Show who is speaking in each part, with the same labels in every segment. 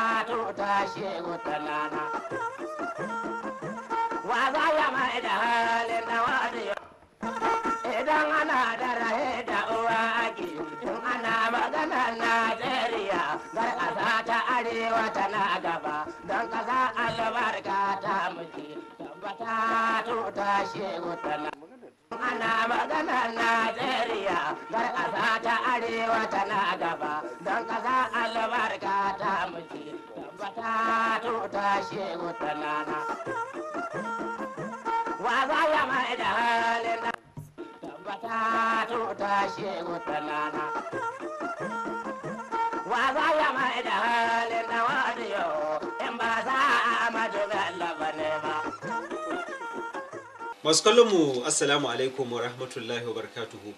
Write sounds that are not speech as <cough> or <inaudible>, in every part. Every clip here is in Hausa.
Speaker 1: Ado ta shehu Wa za ya mai da halin da wadiyo. Idan ana da rahe da uwa ake, ana magana Najeriya, zai ƙasa ta arewa na gaba, don ƙasa albarka ta muke, tabbata tuta shehu talana. Ana magana Najeriya, zai ƙasa ta arewa tana gaba, don ƙasa albarka ta gutanana wa za ya da
Speaker 2: masu kallon mu assalamu alaikum wa rahmatullahi wa barkatuhu.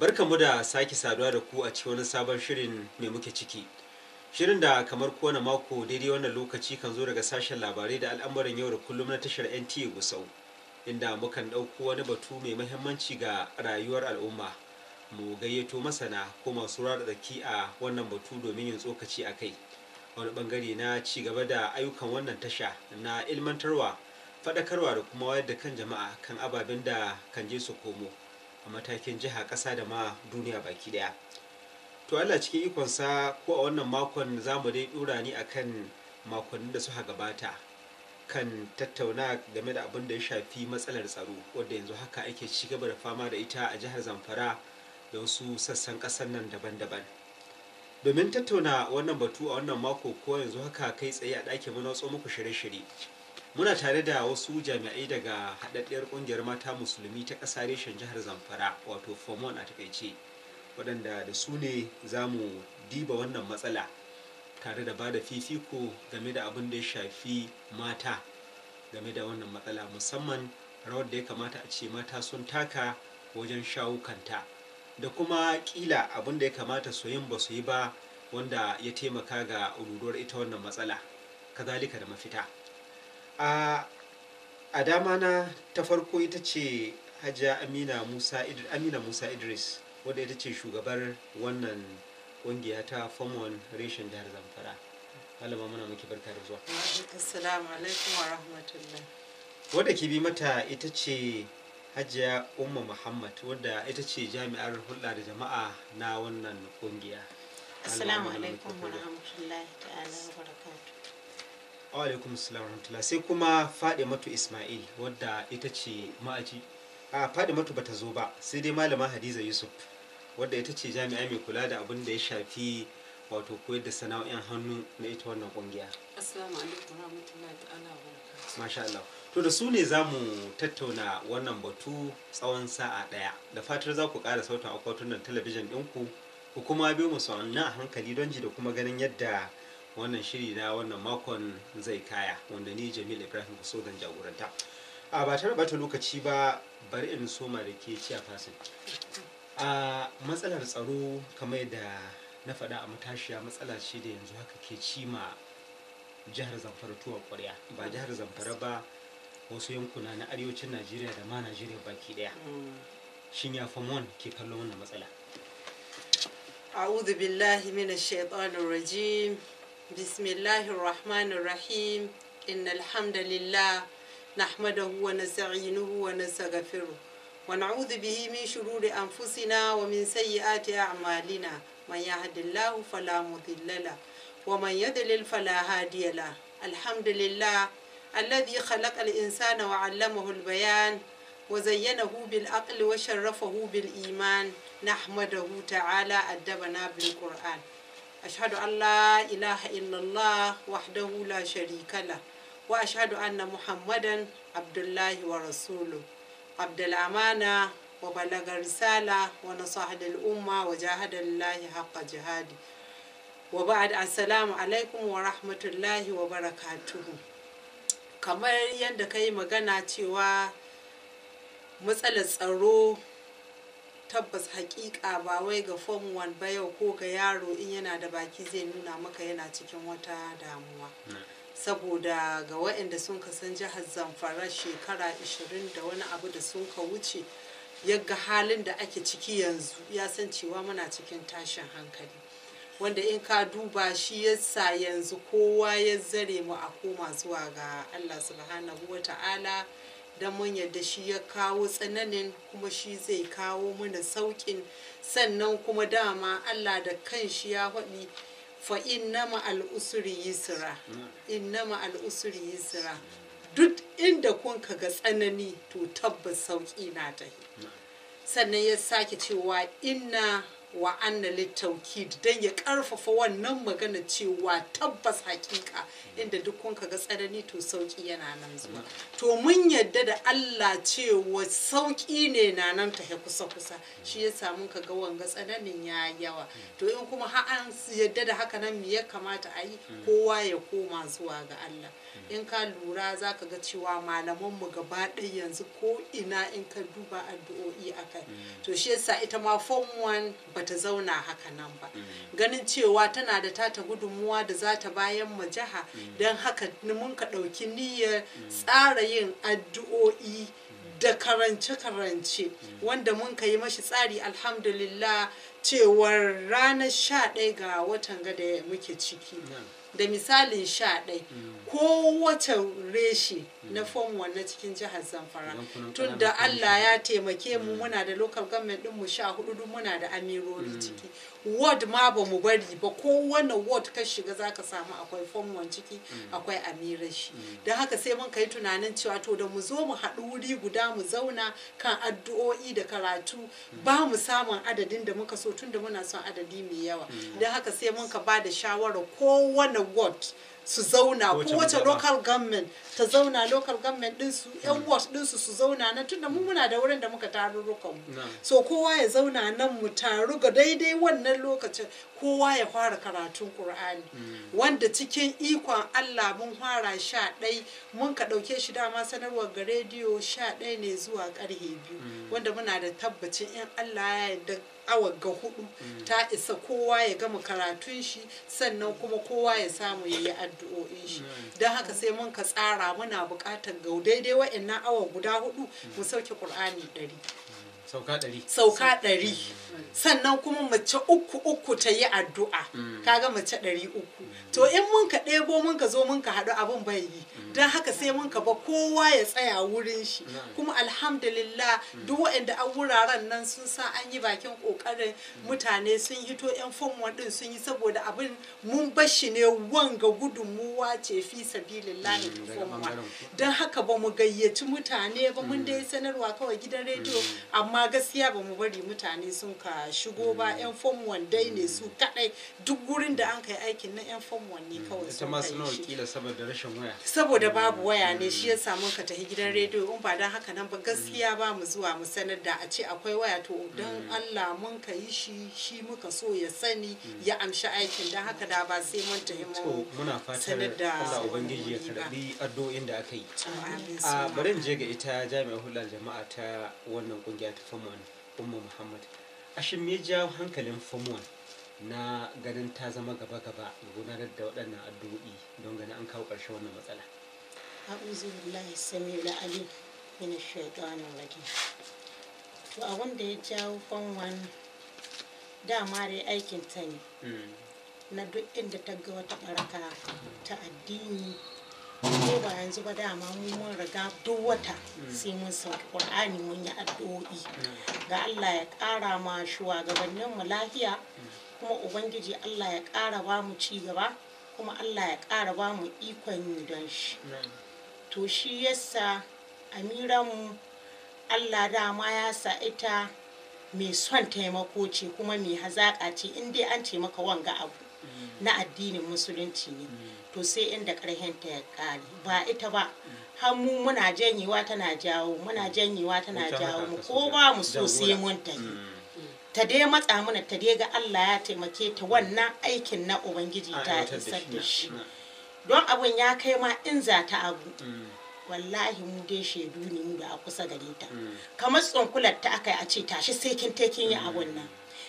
Speaker 2: barkamu da sake saduwa da ku a cikin wani sabon shirin mai muke ciki Shirin da kamar kowane mako daidai wannan lokaci kan zo daga sashen labarai da al'amuran yau da kullum na tashar NTA Gusau, inda mukan ɗauko wani batu mai mahimmanci ga rayuwar al'umma. Mu gayyato masana ko masu rada a wannan batu domin yin tsokaci a kai. Wani bangare na ci gaba da ayyukan wannan tasha na ilmantarwa, faɗakarwa da kuma wayar da kan jama'a kan ababen da kan je su komo a matakin jiha ƙasa da ma duniya baki ɗaya. to Allah cikin ikonsa ko a wannan makon za mu dai dura ni akan makonnin da suka gabata kan tattauna game da abin da ya shafi matsalar tsaro wadda yanzu haka ake ci gaba da fama da ita a jihar zamfara da wasu sassan ƙasar nan daban-daban domin tattauna wannan batu a wannan mako ko yanzu haka kai tsaye a ɗakin mana wasu muku shirye-shirye muna tare da wasu jami'ai daga haɗaɗɗiyar ƙungiyar mata musulmi ta ƙasa reshen jihar zamfara wato formon a takaice waɗanda da su ne za mu diba wannan matsala tare da ba da fifiko game da abin da ya shafi mata game da wannan matsala musamman rawar da ya kamata a ce mata sun taka wajen shawo kanta da kuma kila abin da ya kamata su ba su yi ba wanda ya taimaka ga ruruwar ita wannan matsala kazalika da mafita a dama na ta farko ita ce hajja amina musa idris wadda ita ce shugabar wannan kungiya ta famon reshen jihar zamfara malama muna muke barka da zuwa
Speaker 3: assalamu alaikum wa rahmatullah
Speaker 2: wadda ke bi mata ita ce hajiya umma muhammad wadda ita ce jami'ar hulɗa da jama'a na wannan kungiya
Speaker 4: assalamu alaikum wa rahmatullahi
Speaker 2: wa alaikum wa rahmatullah sai kuma fadimatu ismail wadda ita ce ma'aji a fadimatu bata zo ba sai dai malama hadiza yusuf wadda ita ce jami'a mai kula da abin da ya shafi wato koyar da sana'o'in hannu na ita wannan kungiya
Speaker 5: assalamu alaikum rahmatullahi ta'ala wa
Speaker 2: masha Allah to da su ne za mu tattauna wannan batu tsawon sa'a ɗaya da fatar za ku ƙara sautin akwatunan talabijin ɗinku ku kuma biyo mu sa'annan a hankali don ji da kuma ganin yadda wannan shiri na wannan makon zai kaya wanda ni jamil ibrahim so zan jagoranta a ba tare ta lokaci ba bari in soma da ke ciya fasin a matsalar tsaro kamar da na faɗa a matashiya matsala ce da yanzu haka ke cima jihar zamfara tuwa ƙwarya ba jihar zamfara ba wasu yankuna na arewacin najeriya da ma najeriya baki ɗaya, shin ya famon ke kallo wannan matsala
Speaker 3: أعوذ mina من الشيطان الرجيم بسم الله الرحمن na إن الحمد لله نحمده ونستعينه ونستغفره ونعوذ به من شرور أنفسنا ومن سيئات أعمالنا من يهد الله فلا مضل له ومن يضلل فلا هادي له الحمد لله الذي خلق الإنسان وعلمه البيان وزينه بالأقل وشرفه بالإيمان نحمده تعالى أدبنا بالقرآن أشهد أن لا إله إلا الله وحده لا شريك له وأشهد أن محمدا عبد الله ورسوله abdulamana wa balaga risala wa nasahadar umma wa jahadar lahi haka jihadi wa ba'ad asalamu alaikum wa rahmatullahi wa barakatuhu kamar yadda ka yi magana cewa matsalar tsaro tabbas haƙiƙa, ba wai ga form 1 ba yau ko ga yaro in yana da baki zai nuna maka yana cikin wata damuwa saboda ga waɗanda sun san jihar zamfara shekara 20 da wani abu da sun ka wuce yaga halin da ake ciki yanzu ya san cewa muna cikin tashin hankali wanda in ka duba shi yasa yanzu kowa ya zare mu a koma zuwa ga allah subhanahu wa ta'ala don mun yadda shi ya kawo tsananin kuma shi zai kawo mana sauƙin sannan kuma dama allah da kanshi ya haɗi fa innama al'usuri yisra hmm. innama al'usuri yisra duk inda kun ga tsanani to tabbas sauki na tahi hmm. sannan ya sake cewa inna wa anna littaukid don ya karfafa wannan magana cewa tabbas hakika inda duk kun ga tsanani to sauki yana nan zuwa to mun yadda da Allah cewa sauki ne na nan ta kusa kusa shi ya samu ka ga wanga tsananin ya yawa to in kuma har an yadda da haka nan me ya kamata a yi kowa ya koma zuwa ga Allah in ka lura za ka ga cewa malaman mu gaba ɗaya yanzu ko ina in ka duba addu'o'i a kai mm. to shi yasa ita ma form 1 ba zauna haka nan ba mm. ganin cewa tana da tata gudunmuwa da za ta bayan mu jiha mm. don haka mun ka ɗauki niyyar tsara yin addu'o'i da karance-karance wanda mun ka yi mashi tsari alhamdulillah cewar ranar 11 ga watan gada muke ciki. da misalin sha ɗai Ko wata reshe na fom na cikin jihar zamfara tun da allah ya taimake mu mm. muna da local government din mu sha hudu duk muna da amirori mm. ciki ward ma ba mu bari ba kowane ward ka shiga zaka samu akwai form one ciki mm. akwai amirar shi don haka sai mun kai tunanin cewa to da mu zo mu haɗu wuri guda mu zauna kan addu'o'i da karatu ba mu samun adadin da muka so tun da muna son adadi mai yawa don haka sai mun ka ba da shawarar kowane ward su zauna kowace local government ta zauna local government su yan mm. ward din su zauna nan tunda mu muna da wurin da muka tarurrukan mu so kowa ya zauna nan mu taru ga daidai wannan lokacin kowa ya fara karatun Qur'ani mm. wanda cikin ikon Allah mun fara sha ɗai mun ka ɗauke shi dama sanarwar ga rediyo sha ɗai ne zuwa karhe biyu mm. wanda muna da tabbacin in Allah ya yarda awa ga hudu ta isa kowa ya gama karatun shi sannan kuma kowa ya samu ya yi addu'o'in shi don haka sai mun ka tsara muna buƙatar ga daidai wa'annan awa guda hudu mu sauke qur'ani ɗari
Speaker 2: sauka ɗari sauka ɗari
Speaker 3: sannan kuma mace uku uku ta yi addu'a mm. kaga mace ɗari uku to in mun ka ɗebo mun ka zo mun ka haɗu abun bai yi don haka sai mun ka ba kowa ya tsaya wurin shi kuma alhamdulillah mm. duk waɗanda an wuraren nan sun sa an yi bakin ƙoƙarin mm. mutane sun hito 'yan fomwa din sun yi saboda abin mun bashi ne wanga gudunmuwa ce fi sabilillahi mm, fomwa don haka ba mu gayyaci mutane ba mun dai sanarwa kawai gidan rediyo amma gaskiya ba mu bari mutane sun ka shigo ba 'yan fomwa dai ne su kaɗai duk wurin da an kai aikin na 'yan fomwa ne kawai sun kai shi saboda da babu waya ne shi ya samu ka tafi gidan rediyo in ba don haka nan ba gaskiya ba mu zuwa mu sanar da a ce akwai waya to don mm. Allah mun ka yi shi shi muka so ya sani mm. ya amshi aikin don haka da ba sai mun tafi mu muna
Speaker 2: fatar Allah ubangiji ya karbi addu'o'in da aka yi a bari je ga ita jami'ar hulal jama'a ta wannan kungiya ta Famon Umma Muhammad a shin me ja hankalin Famon na ganin ta zama gaba-gaba gudanar da waɗannan addu'o'i don ganin an kawo ƙarshen wannan matsala.
Speaker 4: أعوذ بالله السميع العليم من الشيطان rajim to a wanda ya jawo fanwan dama dai aikin ta ne hmm. na duk inda ta ga wata baraka ta addini ko ba yanzu ba dama mun mun riga duk wata hmm. sai mun sauki qur'ani mun yi addu'o'i hmm. ga Allah ya ƙara ma shugabannin mu lafiya kuma ubangiji Allah ya ƙara ba mu ci gaba kuma Allah ya ƙara ba mu ikon yi don shi to shi yasa amiranmu allah dama ya sa ita mai son taimako ce kuma mai hazaƙa ce in dai an ce maka wanga abu mm. na addinin musulunci ne mm. to sai inda ta ya ƙare mm. ba ita ba hannu muna janyewa tana jawo muna janyewa tana jawo mu ko ba mu so sai mun ta ta dai matsa mana ta dai ga Allah ya taimake ta wannan aikin na ubangiji ta isar da shi don abun ya kai ma in za ta abu mm. wallahi mu dai shaidu ne mu da a kusa gare ta mm. kamar tsunkular ta aka yi a ce tashi sai kin tekin yi mm. abun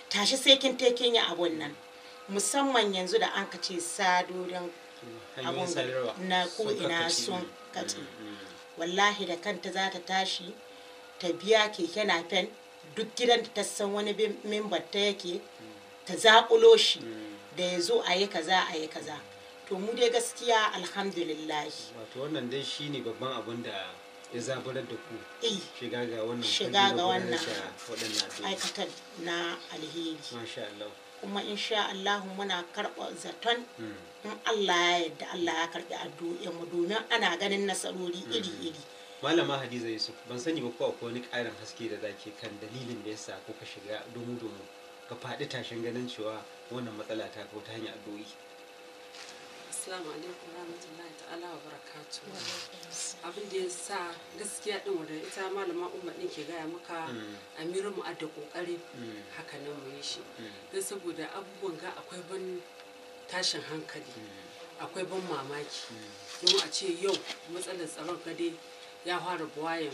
Speaker 4: tashi sai kin tekin yi abun nan musamman yanzu da an ka ce sadorin
Speaker 6: abun na ko ina sun kace
Speaker 4: wallahi da kanta za ta tashi ta biya keke na fen duk gidan ta san wani membar ta yake ta zaƙulo shi da ya zo a yi kaza a yi kaza to mu dai gaskiya alhamdulillah
Speaker 2: wato wannan dai shine babban abin da ya zaburar da ku eh, shiga ga wannan shiga ga wannan
Speaker 4: aikatar na alheri masha Allah kuma insha Allah muna karɓa zaton hmm. in Allah ya yarda Allah ya karɓi addu'o'in mu domin ana ganin nasarori hmm. iri-iri
Speaker 2: malama hadiza yusuf ban sani ba ko akwai wani ƙarin haske da zake kan dalilin da yasa ko ka shiga domin domin ka faɗi tashin ganin cewa wannan matsala ta ko ta hanyar addu'o'i
Speaker 5: Assalamu alaikum warahmatullahi ta'ala wa barakatu. Abin da ya sa gaskiya din wanda ita malama umma din ke gaya maka mm. amirin mu adda kokari mm. haka nan mu yi shi. Mm. Don saboda abubuwan ga akwai ban tashin hankali. Akwai ban mamaki. Don a ce yau matsalar tsaron dai ya fara buwayen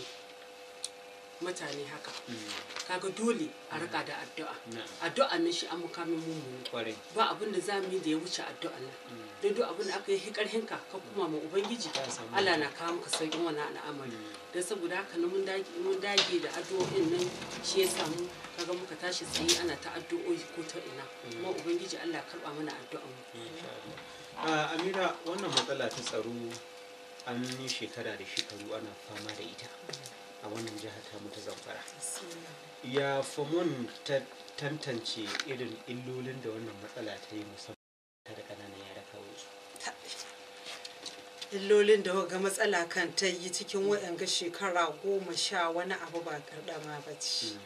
Speaker 5: mutane haka hmm. kaga dole a raka hmm. da addu'a addu'a ne shi an mu mummuni ba abin da za mu yi da ya wuce addu'a nan hmm. don duk abin da aka yi karhin ka ka kuma ma ubangiji Allah na kawo maka sauƙin wannan al'amari dan saboda haka na mun dage da addu'o'in nan shi ya samu kaga muka tashi tsaye ana ta addu'o'i ko ta ina kuma ubangiji Allah karba mana addu'a mu
Speaker 2: ah, Amira wannan matsala ta tsaro an yi shekara da shekaru ana fama da ita a wannan jihar ta mutu zamfara ya fomon ta tantance irin illolin da wannan matsala ta yi musamman ta da ƙananan yara kawo su
Speaker 3: illolin da ga matsala kan ta yi cikin waɗanga shekara goma sha wani abu ba karɗama ba ce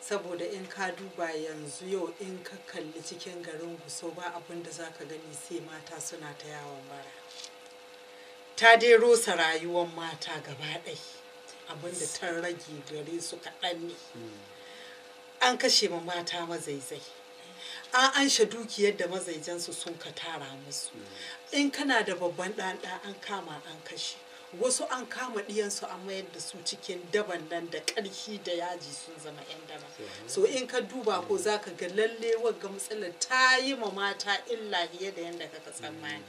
Speaker 3: saboda in ka duba yanzu yau in ka kalli cikin garin guso ba abin da za ka gani sai mata suna ta yawon bara ta dai rosa rayuwar mata gaba ɗaya abinda ta rage gare su kaɗan ne an kashe ma mata mazaizai an anshe dukiyar da mazaijansu sun ka tara musu in kana da babban ɗanɗa an kama an kashe wasu an kama ɗiyansu an mayar da su cikin daban nan da ƙarfi da yaji sun zama 'yan daba so in ka duba ko za ka ga lalle wagga matsalar ta yi ma mata illa fiye da yadda kaka tsammani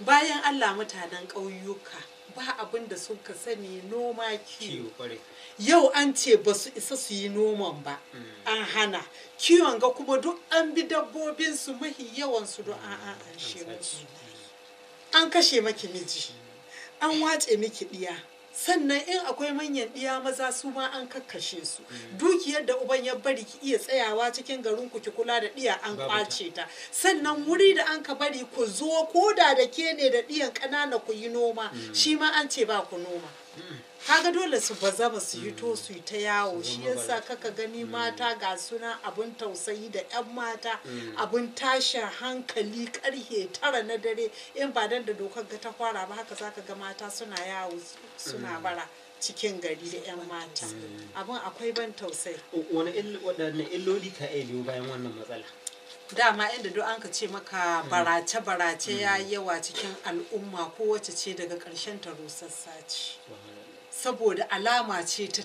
Speaker 3: bayan allah mutanen ƙauyuka ba abin da suka sani noma kiwo yau an ce ba su isa su yi noman ba mm. an hana kiwon ga kuma duk an bi dabbobin su mahi yawan su don mm. an an an kashe miki miji an mm. watse miki diya sannan in akwai manyan ɗiya maza su ma an kakkashe su dukiyar da uban ya bari ki iya tsayawa cikin garin ku ki kula da ɗiya an kwace ta sannan wuri da an ka bari ku zo ko da da ke ne da ɗiyan ƙanana ku yi noma mm. shi ma an ce ba ku noma mm. kaga dole su baza ba su to mm. su yi ta yawo shi yasa kaka gani mm. mata ga suna abin tausayi da yan mata mm. abun tashin hankali karhe tara na dare in ba dan da dokar ga ta fara ba haka zaka ga mata suna yawo suna bara cikin gari da yan mata
Speaker 2: abin akwai ban tausayi wani illoli ka iya bayan wannan matsala
Speaker 3: dama inda duk an ka ce maka barace-barace ya yawa cikin al'umma kowace ce daga karshen ta rusassa ce. saboda alama ce ta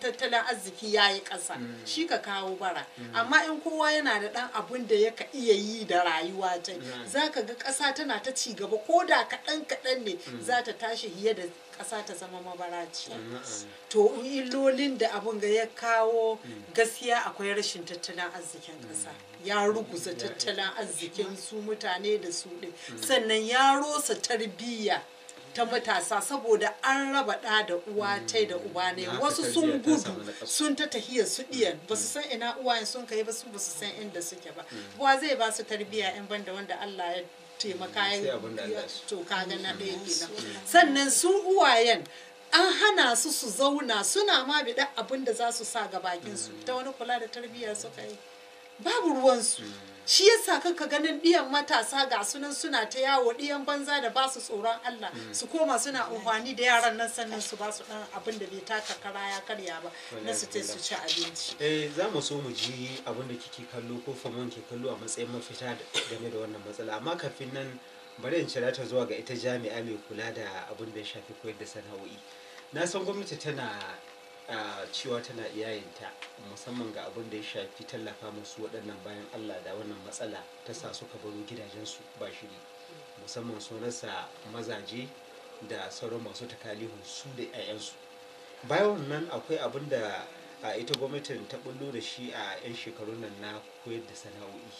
Speaker 3: tattalin arziki ya yi ƙasa mm. shi ka kawo bara mm. amma in kowa yana da ɗan abun da ya ka iya yi da rayuwa ta mm. za ka ga ƙasa tana ta ci gaba ko da kaɗan kaɗan ne za ta tashi hiye da ƙasa ta zama mabaraci to illolin da abin ga ya kawo gaskiya akwai rashin tattalin arzikin ƙasa ya ruguza tattalin arzikin su mutane da su ɗin sannan ya rosa tarbiyya ta matasa saboda an raba ɗa da uwa mm, tai da uba ne wasu sun gudu sun ta tahiya su mm, ɗiyan ba su mm. san ina uwayen sun kai ba su ba su san inda suke ba uwa zai ba su tarbiyya in banda wanda Allah ya taimaka ya to ga na ɗaya kenan sannan su uwayen an hana su su zauna suna ma biɗa abin da za su sa ga bakin su ta wani kula da tarbiyya suka yi babu ruwansu shi yasa kanka ganin ɗiyan matasa ga sunan suna ta yawo ɗiyan banza da ba su tsoron Allah mm. su koma suna amfani da yaran nan sannan su ba su ɗan abin da bai taka kara ya karya ba na su ce su ci abinci.
Speaker 2: Eh za mu so mu ji abin da kike kallo ko famon ke kallo a matsayin mafita <coughs> game da wannan matsala amma kafin nan bari in cira ta zuwa ga ita jami'a mai kula da abin da ya shafi koyar da sana'o'i. Na san gwamnati tana cewa tana iyayenta musamman ga abin da ya shafi tallafa musu waɗannan bayan allah da wannan matsala ta sa suka baro gidajensu ba shiri musamman sonarsa mazaje da sauran masu takalihun su da 'ya'yansu bayan wannan, akwai abin da a ita gwamnatin ta bullo da shi a 'yan shekarun nan na koyar da sana'o'i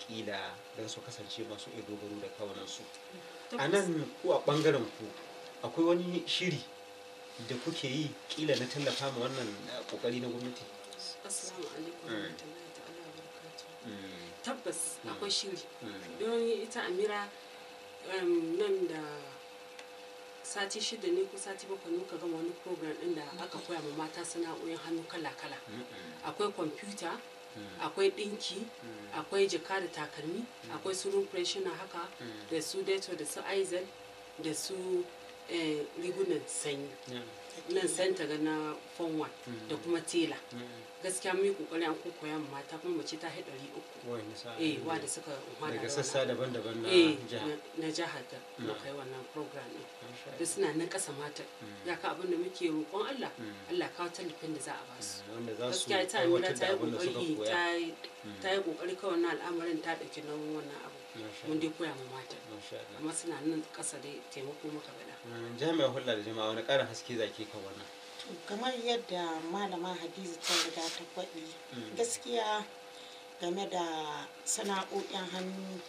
Speaker 2: kila don su kasance masu iya dogaro da kawunansu a nan ku a ɓangaren ku akwai wani shiri da kuke yi kila na tallafa ma wannan eh, kokari na gwamnati
Speaker 6: assalamu alaikum mm. mm.
Speaker 5: tabbas mm. akwai shiri don ita amira nan da sati shida ne ko sati bakwai muka gama wani program din da aka koya ma mata sana'o'in hannu kala-kala akwai kwamfuta akwai dinki akwai jaka da takalmi akwai su room haka da su daito da su aizel da su Eh, rigunan sanyi nan santa ga na form mm-hmm. da kuma tela mm-hmm. gaskiya mun yi kokari an koya mu mata kuma mace ta hai ɗari
Speaker 2: uku eh wa da suka hada daga sassa daban-daban na eh,
Speaker 5: na jihar da na mm. yi wannan program din da suna nan ƙasa mata ya mm. ka abin da muke roƙon Allah mm. Allah kawo tallafin da za a ba
Speaker 2: su gaskiya ta yi ta yi kokari ta
Speaker 5: yi kokari kawai wannan al'amarin ta ɗauki nauyin wannan abu mun dai koya mu mata
Speaker 2: amma
Speaker 4: suna nan ƙasa dai taimako muka bada
Speaker 2: Mm, jami'ar hulɗa da jama'a wani ƙarin haske zaki kan wannan
Speaker 4: kamar yadda malama hadiza ta riga ta faɗi mm. gaskiya game da sana'o'in hannu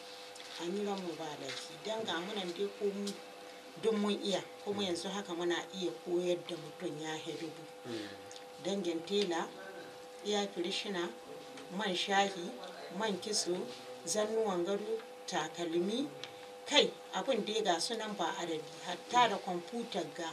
Speaker 4: a nuna mu ba laifi don ga munan dai ko mu don mun iya kuma mm. yanzu haka muna iya koyar da mutum ya hidubu dangin tela iya firishina man shahi man kiso zannuwan garu takalmi kai abin dai ga sunan ba adadi hatta da kwamfutar ga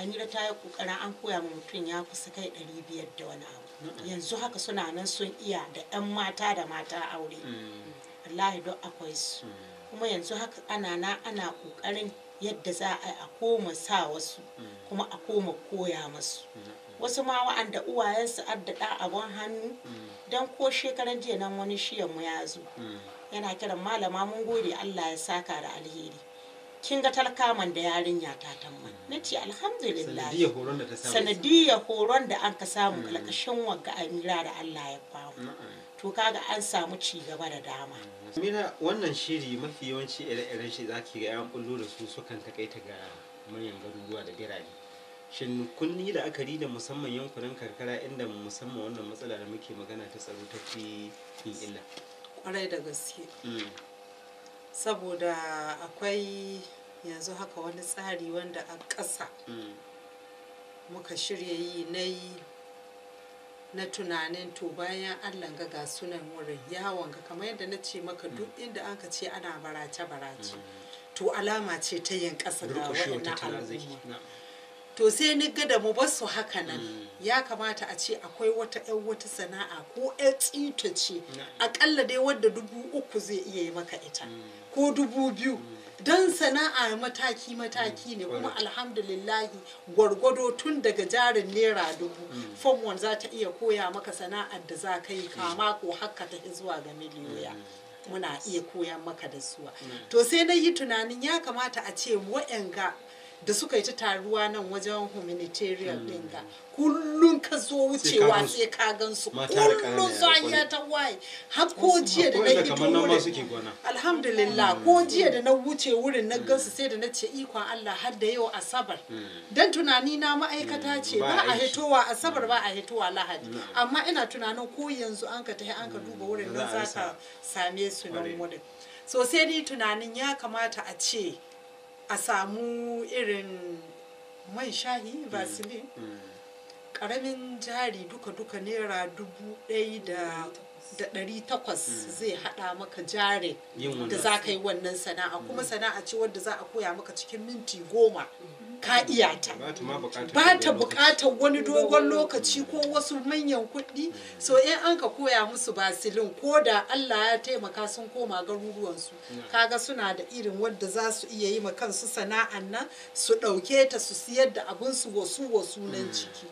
Speaker 4: Amira ta yi kokarin an koya ma mutum ya kusa kai ɗari biyar da wani abu yanzu haka suna nan sun iya da 'yan mata da mata aure mm. wallahi don akwai su mm. kuma yanzu haka ana na ana kokarin yadda za a yi a koma sa wasu mm. kuma a koma koya masu wasu ma wa'anda uwayensu adda abun hannu don ko shekaran jiya nan wani shiyan ya zo yana kiran malama mun gode Allah ya saka da alheri kin ga talkaman da yarinya ta tamma mm. na ce alhamdulillah
Speaker 2: sanadiyar
Speaker 4: horon da an ka samu kalakashin mm. wagga amira da Allah ya bamu to kaga an samu ci gaba da dama mm.
Speaker 2: Amira wannan shiri mafi yawanci ire-iren shi zaki ga yan bullo da su sukan takaita ga manyan garuruwa da birane shin kun yi la'akari da musamman yankunan karkara inda musamman wannan matsala da muke magana ta tsaro ta fi illa
Speaker 3: kwarai da gaske mm. saboda akwai yanzu haka wani tsari wanda a ƙasa mm. muka shirya yi na yi na tunanin to bayan an ga ga sunan wurin yawon ga kamar yadda na ce maka mm. duk inda an ka ce ana barace-barace to alama ce ta yin ƙasa ga waɗannan al'umma to sai ni ga da mu su haka nan mm. ya kamata a ce akwai wata yan wata sana'a ko yan tsita ce akalla dai wadda dubu uku zai iya yi maka ita mm. ko dubu biyu mm. don sana'a mataki-mataki ne kuma alhamdulillahi gwargwado tun daga jarin naira dubu form one za ta iya koya maka sana'ar da za ka yi kama ko haka ta zuwa ga miliyoya muna iya koya maka da suwa to sai na yi tunanin ya kamata a ce wa'yanga da suka yi ta taruwa nan wajen humanitarian hmm. din ga kullum ka zo wucewa sai ka gan su kullum zaniya ta waye har ko jiya da na fito wurin alhamdulillah hmm. ko jiya da na wuce wurin na hmm. gan su, sai da na ce ikon Allah har da yau asabar dan tunani na ma'aikata ce ba a hitowa asabar ba a hitowa lahadi amma ina tunanin ko yanzu an ka tafi an ka duba wurin nan za ka same su nan wurin so sai ni tunanin ya kamata a ce a samu irin man shahi mm. vaseline karamin mm. jari duka-duka naira dubu ɗaya da ɗari takwas mm. zai haɗa maka jarin da za ka yi wannan sana'a kuma sana'a ce wadda za a koya maka cikin minti goma ka iyata ba ta bukatar wani dogon lokaci ko wasu manyan kuɗi so in an ka koya musu basilin ko da Allah ya taimaka sun koma garuruwan su kaga suna da irin wanda za su iya yi ma kansu sana'an nan su ɗauke ta su siyar da abun su wasu wasu nan mm, ciki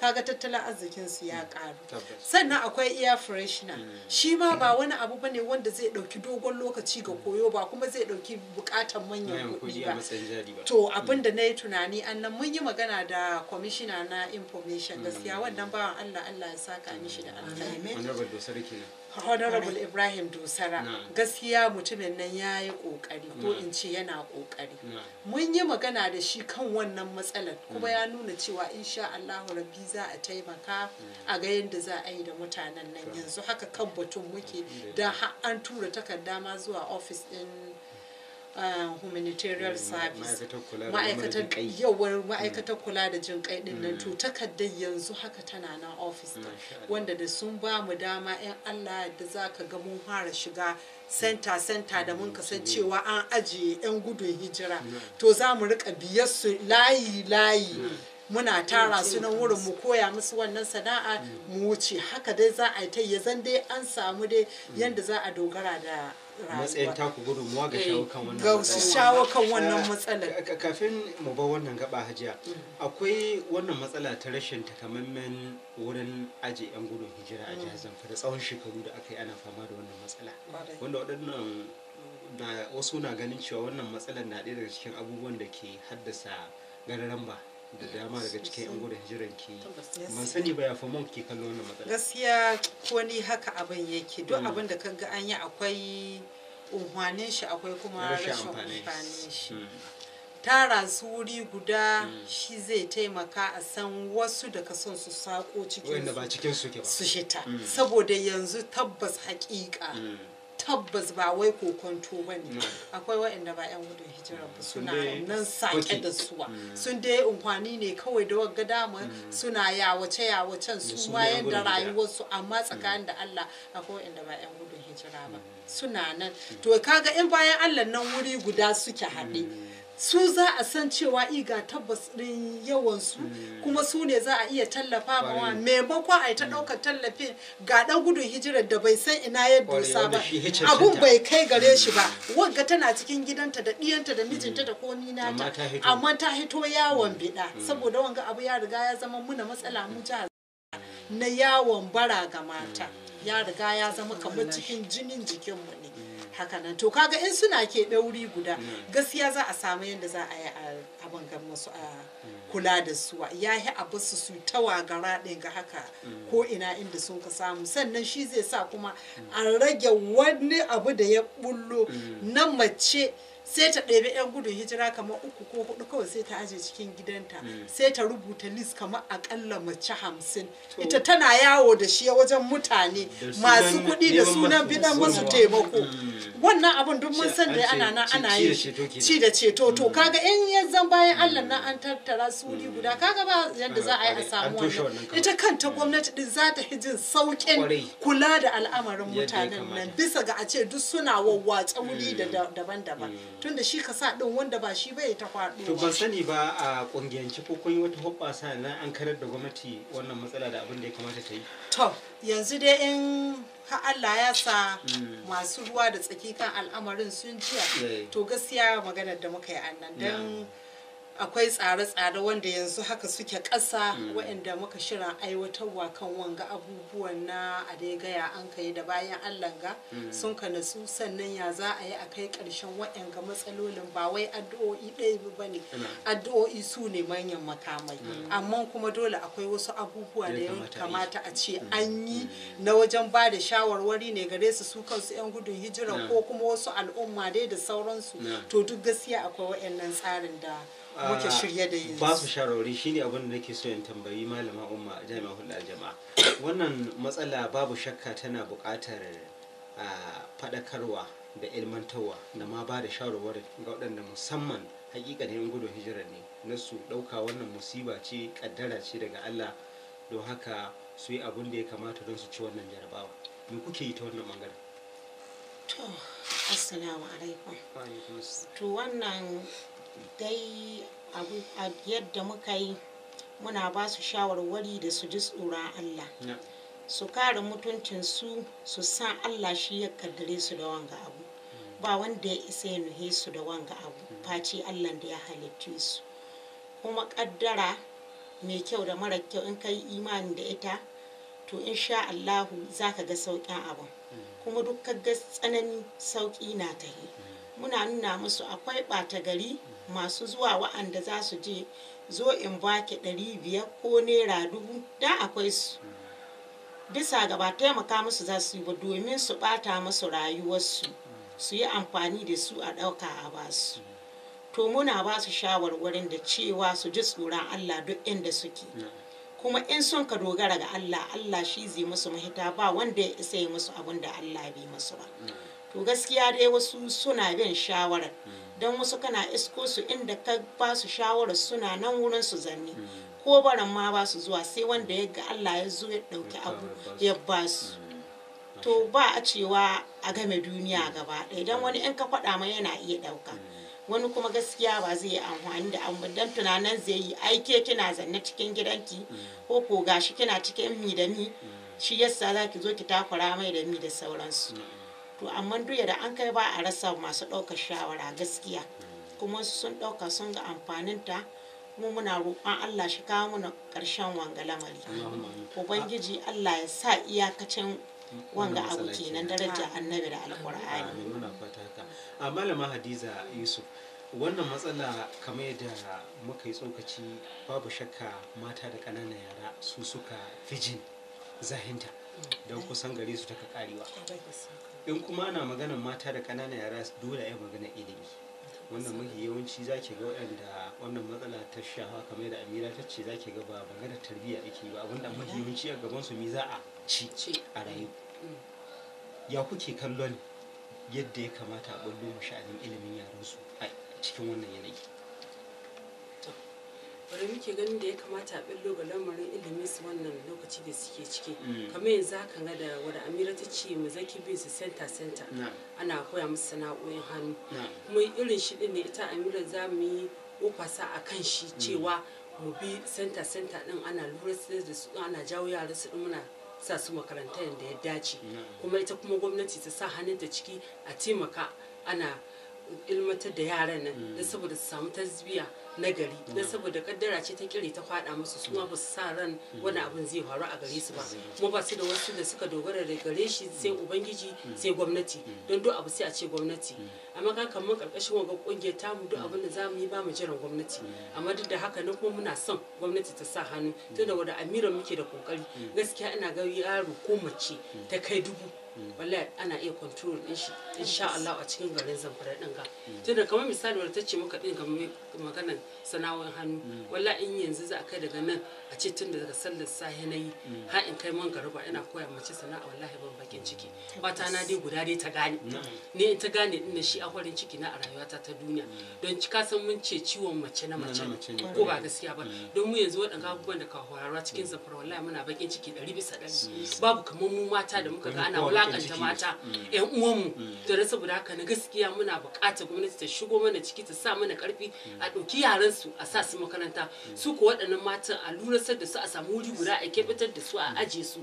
Speaker 3: kaga tattalin arzikin su ya mm, ƙaru sannan akwai air freshener mm. shi ma ba wani abu bane wanda zai ɗauki dogon lokaci ga koyo ba kuma zai ɗauki bukatar manyan kuɗi ba to abin da na yi tunani annan mun yi magana da kwamishina na information mm. gaskiya wannan bawan Allah Allah ya saka mishi da mm. honorable ibrahim dosara gaskiya mutumin nan ya yi kokari ko in ce yana kokari mun yi magana da shi kan wannan matsalar kuma mm. ya nuna cewa insha allahu rabbi za a taimaka a ga yadda za a yi da mutanen nan yanzu haka kan batun muke da an tura takarda ma zuwa ofis din Um, humanitarian eh, service ma'aikatar yawar hmm. ma'aikatar kula da jin kai din nan to hmm. takardar yanzu haka tana nan office wanda da sun ba mu dama yan Allah da zaka ga mun fara shiga center center da mun hmm. cewa an ajiye yan gudun hijira to za mu rika biyar su layi layi muna tara su nan wurin mu koya musu wannan sana'a mu wuce haka dai za a yi ta yanzu dai an samu dai yanda za a dogara da matsayin taku
Speaker 2: gudunmuwa ga eh, shawo kan wannan ga su shawo kan wannan eh, matsalar kafin mu ba wannan gaba hajiya mm. akwai wannan matsala ta rashin takamaiman wurin aje yan gudun hijira a jihar mm. Zamfara tsawon shekaru da aka yi ana fama da wannan matsala wanda waɗannan na wasu na ganin cewa wannan matsalar na ɗaya daga cikin abubuwan da ke haddasa gararan ba da dama daga cikin 'yan gudun hijiran ke ban sani ba ya mun kallo wannan matsala
Speaker 3: gaskiya ko ni haka abin yake duk mm. abin da kaga an yi akwai unhwanin shi akwai kuma rashin amfanin shi mm. tara su wuri guda mm. shi zai taimaka a san wasu da ka son su sako cikin su shita saboda yanzu tabbas hakika tabbas ba wai kokonto ba ne akwai waɗanda ba 'yan gudun hijira ba suna nan sake da suwa mm. sun dai unkwani ne kawai da wagga dama mm. suna yawace yawacen su bayan da rayuwarsu amma mm. tsakanin da Allah akwai waɗanda ba 'yan gudun hijira ba suna nan to kaga in bayan Allah nan wuri guda suke haɗe su za a san cewa ga tabbas ɗin yawansu hmm. kuma su ne za a iya tallafa ma wa maimakon a yi ta hmm. ɗaukar tallafin ga ɗan gudun hijirar da bai san ina yadda dosa ba abun bai kai gare shi ba hmm. wagga tana cikin gidanta da ɗiyanta da mijinta da komi ta amma ta hito yawon biɗa saboda wanga abu ya riga ya zama muna matsala mu jihar na yawon bara ga mata ya riga ya zama kamar cikin jinin jikinmu hakanan to kaga in suna ke ɗauri guda mm. gaskiya za a samu yadda za a yi abin ga musu a mm. kula da su ya yi a basu su tawa gara ɗin ga haka mm. ko ina inda sun ka samu sannan shi zai sa kuma a rage wani abu da ya bullo na mace sai ta ɗebe 'yan gudun hijira kamar uku ko hudu kawai sai ta aje cikin gidanta hmm. sai ta rubuta list kamar akalla mace hamsin ita tana yawo da shi wajen mutane masu kuɗi da sunan bidan masu taimako hmm. wannan abin duk mun san da ana nan ana yi ci da ceto to hmm. kaga in yanzan bayan Allah na an tattara suri guda kaga ba yadda za a yi a samu wannan ita kanta gwamnati din za ta jin saukin kula da al'amarin mutanen nan bisa ga a ce duk suna wawwatsa wuri daban-daban tunda shi ka sa din wanda ba shi bai ta faɗo to ban
Speaker 2: sani ba a kungiyance ko kun yi wata hoɓɓasa na an karar da gwamnati wannan matsala da abin da ya kamata ta yi to
Speaker 3: yanzu dai in ha Allah ya sa mm. masu ruwa da tsaki kan al'amarin sun jiya eh. to gaskiya maganar da muka yi annan dan akwai tsare-tsare wanda yanzu haka suke ƙasa waɗanda muka shirin aiwatarwa kan wanga abubuwan na a dai gaya an kai da bayan allah ga sun ka nasu sannan ya za a yi a kai ƙarshen waɗanga matsalolin ba wai addu'o'i ɗaya ba ne addu'o'i su ne manyan makamai amma kuma dole akwai wasu abubuwa da ya kamata a ce an yi na wajen ba da shawarwari ne gare su su kansu 'yan gudun hijira ko kuma wasu al'umma dai da sauransu to duk gaskiya akwai waɗannan tsarin da
Speaker 2: muke ah, shirye da yin basu sharori shine abin da nake so in tambayi malama umma a jami'a hulɗa jama'a wannan matsala babu shakka tana buƙatar ah, faɗakarwa da ilmantarwa da ma ba da shawarwar ga waɗanda musamman hakikanin gudun hijira ne na su ɗauka wannan musiba ce ƙaddara ce daga Allah don haka su yi abin da ya kamata don su ci wannan jarabawa me kuke yi ta wannan ɓangaren
Speaker 4: to assalamu alaikum to wannan dai a yadda muka yi muna ba su shawarwari da su ji tsoron Allah su kare mutuncinsu su sa Allah shi ya kaddare su da wanga abu ba wanda ya isa ya nuhe su da wanga abu mm. face Allah da ya halittu su kuma kaddara mai kyau da mara kyau in kai imani da ita to in sha Allahu za ka ga sauƙin abu
Speaker 6: mm.
Speaker 4: kuma duk ka ga tsanani sauƙi na yi mm. muna nuna musu akwai ɓata gari masu zuwa wa'anda za su je zo in baki ɗari biyar ko naira dubu da akwai su bisa gaba taimaka musu za su yi ba domin su ɓata musu rayuwarsu su yi amfani da su a ɗauka a basu to muna ba su shawarwarin da cewa su ji tsoron allah duk inda suke kuma in sun ka dogara ga allah allah shi zai musu mahita ba wanda ya isa yi musu abin da allah bai musu ba to gaskiya dai wasu suna bin shawarar don wasu kana isko su inda ka ba su shawarar suna nan wurin su zanne hmm. ko baran ma ba su zuwa sai wanda ya ga Allah ya zo ya dauki abu ya ba su hmm. to ba a cewa a game duniya hmm. gaba ɗaya don wani in ka faɗa ma yana iya ɗauka wani kuma gaskiya ba zai yi amfani da abu don tunanin zai yi aike kina zanne cikin gidanki ko ko gashi kina cikin mi da mi shi yasa za ki zo ki takura mai da mi da sauransu. to amma duya da an kai ba a rasa masu ɗaukar shawara gaskiya kuma sun ɗauka sun ga amfaninta kuma muna roƙon Allah shi kawo mana ƙarshen wanga lamari ubangiji Allah ya sa iyakacin
Speaker 2: wanga abu kenan daraja
Speaker 4: annabi da alƙur'ani muna
Speaker 2: fata a malama hadiza yusuf wannan matsala kamar yadda muka yi tsokaci babu shakka mata da ƙananan yara su suka fijin zahinta don kusan gare su taka karewa in kuma ana maganar mata da ƙananan yara dole ya magana ilimi wannan mafi yawanci za ki ga waɗanda wannan matsala ta shafa kamar da amira ta ce za ki ga ba maganar tarbiyya ake ba abinda mm-hmm. mafi yawanci a gaban su mi za a ci a rayu mm. ya kuke kallon yadda ya kamata a ɓullo mashi ilimin yaransu a cikin wannan yanayi
Speaker 5: bari muke ganin da ya kamata a ɓillo ga lamarin ilimin su wannan lokaci da suke ciki mm. kamar yanzu haka ga da wada amira ta ce mu zaki bin su center center ana koya musu sana'o'in hannu kuma irin shi ɗin ne ita amira za mu yi ofasa a kan shi mm. cewa mu bi center center ɗin ana lura da su ana jawo yara su muna sa su makaranta yadda ya dace kuma ita kuma gwamnati ta sa ta ciki a taimaka ana ilmantar da yaran nan mm. saboda su samu tasbiya na gari don mm. saboda kaddara ce ta kire ta kwada musu su ma mm. su sa ran wani mm. abin zai faru a gare su ba kuma ba su da wasu da suka dogara da gare shi sai ubangiji sai gwamnati don duk abu sai a ce gwamnati amma ka kamar karkashin wanga kungiyar tamu duk abin da za mu yi ba mu jiran gwamnati amma duk da haka na kuma muna son gwamnati ta sa hannu da wanda amiran muke da kokari gaskiya ina ga yaro ko mace ta kai dubu wallahi ana iya control din shi insha Allah a cikin garin zamfara din ga tunda kamar misali wanda ce muka din ga maganar sana'o'in hannu walla in yanzu za a kai daga nan a ce tun daga sallar sahi na yi ha in kai man garba ina koya mace sana'a wallahi ban bakin ciki wata na dai guda dai ta gane ne in ta gane din shi a farin ciki na a rayuwata ta duniya don ka san mun ce ciwon mace na mace ko ba gaskiya ba mm. don mu yanzu waɗanda abubuwan da ka horarwa cikin mm. zafar wallahi muna bakin ciki ɗari bisa ɗari mm. babu kamar mu mata da muka ga ana wulakanta mata yan uwanmu to da saboda haka na gaskiya muna buƙatar gwamnati ta shigo mana ciki ta sa mana ƙarfi a ɗauki yaransu a sa su makaranta su ko waɗannan matan a lurasar da su a samu wuri guda a kebitar da su a aje su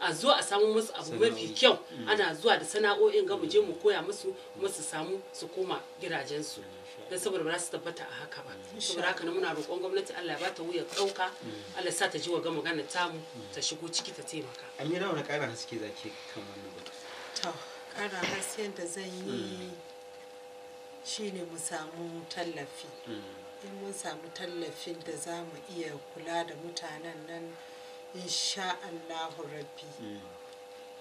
Speaker 5: a zo a samu musu abu mafi kyau mm. ana zuwa da sana'o'in ga mu mu koya musu kuma su samu su koma gidajensu don saboda ba su tabbata a haka ba saboda haka muna roƙon gwamnati Allah ba ta wuya ɗauka mm. Allah sa ta ji wa ga magana mu mm. ta shigo ciki ta taimaka
Speaker 2: amira wani ƙara haske zaki kan wannan
Speaker 5: to ƙara haske da zan yi shine mu samu
Speaker 3: tallafi in mun samu tallafin da za mu iya kula da mutanen nan insha allahu rabbi